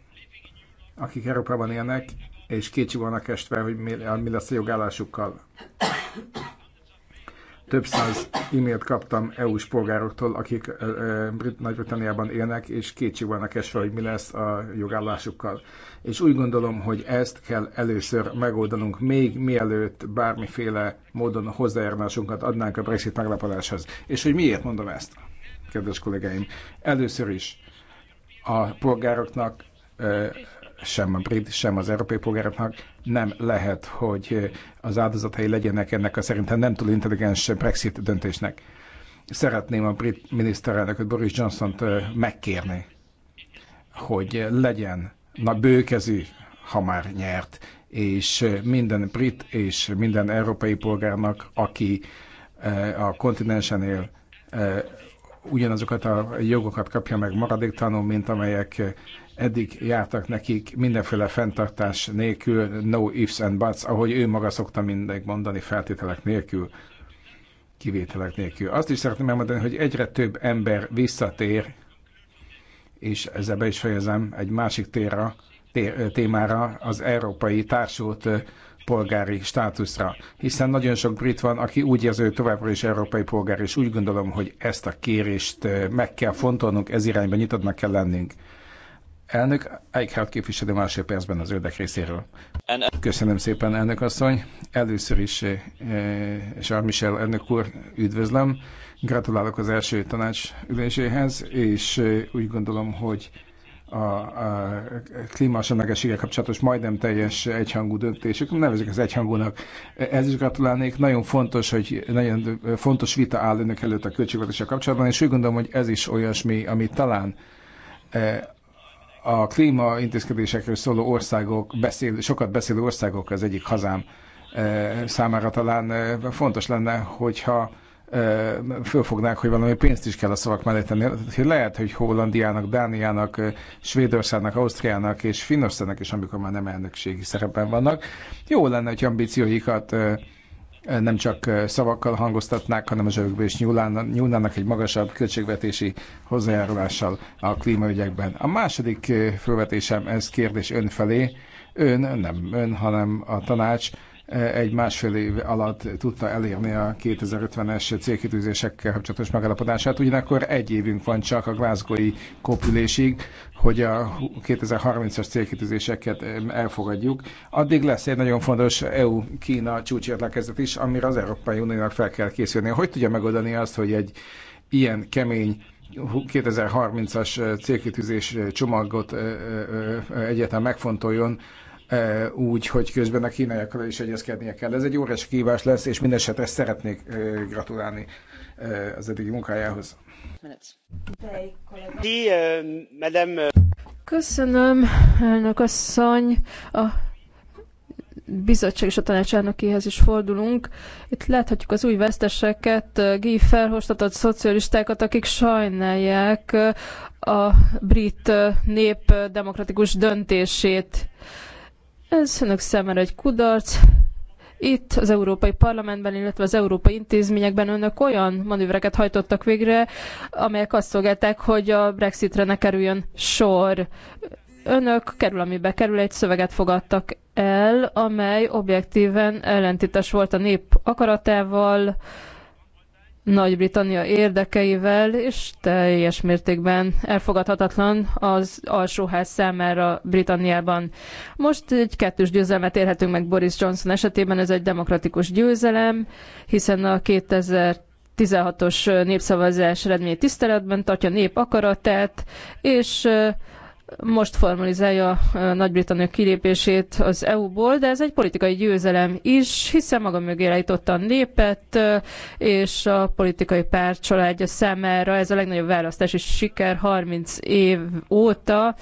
akik Európában élnek, és kétségbe vannak estve, hogy mi lesz a jogállásukkal több száz e-mailt kaptam EU-s polgároktól, akik Brit Nagy-Britanniában élnek, és kétségvannak esve, hogy mi lesz a jogállásukkal. És úgy gondolom, hogy ezt kell először megoldanunk, még mielőtt bármiféle módon hozzájárulásunkat adnánk a Brexit meglapadáshoz. És hogy miért mondom ezt, kedves kollégáim? Először is a polgároknak sem a brit, sem az európai polgároknak nem lehet, hogy az áldozatai legyenek ennek a szerintem nem túl intelligens Brexit döntésnek. Szeretném a brit miniszterelnököt, Boris Johnson-t megkérni, hogy legyen na bőkezű, ha már nyert, és minden brit és minden európai polgárnak, aki a kontinensen él, ugyanazokat a jogokat kapja meg maradéktalanul, mint amelyek eddig jártak nekik mindenféle fenntartás nélkül, no ifs and buts, ahogy ő maga szokta mindig mondani, feltételek nélkül, kivételek nélkül. Azt is szeretném elmondani, hogy egyre több ember visszatér, és ezzel be is fejezem egy másik térra, té- témára, az európai társult polgári státuszra, hiszen nagyon sok brit van, aki úgy érző, hogy továbbra is európai polgár, és úgy gondolom, hogy ezt a kérést meg kell fontolnunk, ez irányba nyitottnak kell lennünk. Elnök Eichhardt képviselő másodpercben az ördek részéről. Köszönöm szépen, elnök asszony. Először is eh, jean Charles Michel elnök úr, üdvözlöm. Gratulálok az első tanács üléséhez, és eh, úgy gondolom, hogy a, a klímasemlegességgel kapcsolatos majdnem teljes egyhangú döntések, nevezik az egyhangúnak. Ez is gratulálnék. Nagyon fontos, hogy nagyon fontos vita áll önök előtt a költségvetéssel kapcsolatban, és úgy gondolom, hogy ez is olyasmi, ami talán eh, a klíma intézkedésekről szóló országok, beszél, sokat beszélő országok az egyik hazám e, számára talán e, fontos lenne, hogyha e, fölfognák, hogy valami pénzt is kell a szavak mellé tenni. Lehet, hogy Hollandiának, Dániának, Svédországnak, Ausztriának és Finnországnak is, amikor már nem elnökségi szerepen vannak, jó lenne, hogy ambícióikat nem csak szavakkal hangoztatnák, hanem a zsebükből is nyúlnának egy magasabb költségvetési hozzájárulással a klímaügyekben. A második felvetésem, ez kérdés ön felé, ön, nem ön, hanem a tanács, egy másfél év alatt tudta elérni a 2050-es célkitűzésekkel kapcsolatos megállapodását. Ugyanakkor egy évünk van csak a glasgow kopülésig, hogy a 2030-as célkitűzéseket elfogadjuk. Addig lesz egy nagyon fontos EU-Kína csúcsértlekezet is, amire az Európai Uniónak fel kell készülni. Hogy tudja megoldani azt, hogy egy ilyen kemény 2030-as célkitűzés csomagot egyetem megfontoljon, úgy, hogy közben a kínaiakkal is egyezkednie kell. Ez egy óriási kívás lesz, és minden esetre szeretnék gratulálni az eddigi munkájához. Köszönöm, elnök asszony. A bizottság és a tanácselnökéhez is fordulunk. Itt láthatjuk az új veszteseket, Guy Verhofstadtot, szocialistákat, akik sajnálják a brit nép demokratikus döntését. Ez önök számára egy kudarc. Itt az Európai Parlamentben, illetve az Európai Intézményekben önök olyan manővereket hajtottak végre, amelyek azt szolgálták, hogy a Brexitre ne kerüljön sor. Önök kerül, amibe kerül, egy szöveget fogadtak el, amely objektíven ellentétes volt a nép akaratával, nagy-Britannia érdekeivel, és teljes mértékben elfogadhatatlan az alsóház számára Britanniában. Most egy kettős győzelmet érhetünk meg Boris Johnson esetében, ez egy demokratikus győzelem, hiszen a 2000 16-os népszavazás eredményét tiszteletben tartja nép akaratát, és most formalizálja Nagy-Britannia kilépését az EU-ból, de ez egy politikai győzelem is, hiszen maga mögé állította a népet, és a politikai párt családja számára ez a legnagyobb választási siker 30 év óta.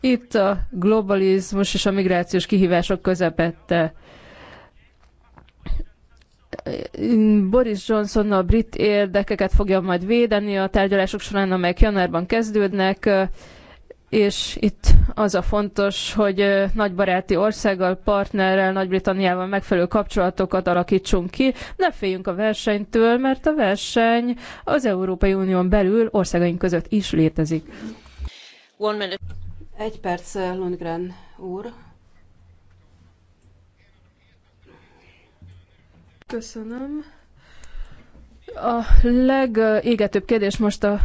Itt a globalizmus és a migrációs kihívások közepette. Boris Johnson a brit érdekeket fogja majd védeni a tárgyalások során, amelyek januárban kezdődnek és itt az a fontos, hogy nagybaráti országgal, partnerrel, Nagy-Britanniával megfelelő kapcsolatokat alakítsunk ki. Ne féljünk a versenytől, mert a verseny az Európai Unión belül országaink között is létezik. One minute. Egy perc, Lundgren úr. Köszönöm. A legégetőbb kérdés most a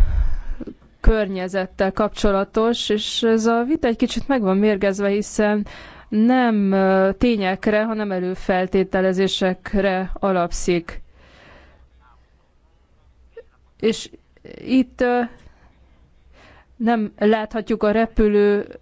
környezettel kapcsolatos, és ez a vita egy kicsit meg van mérgezve, hiszen nem tényekre, hanem előfeltételezésekre alapszik. És itt nem láthatjuk a repülő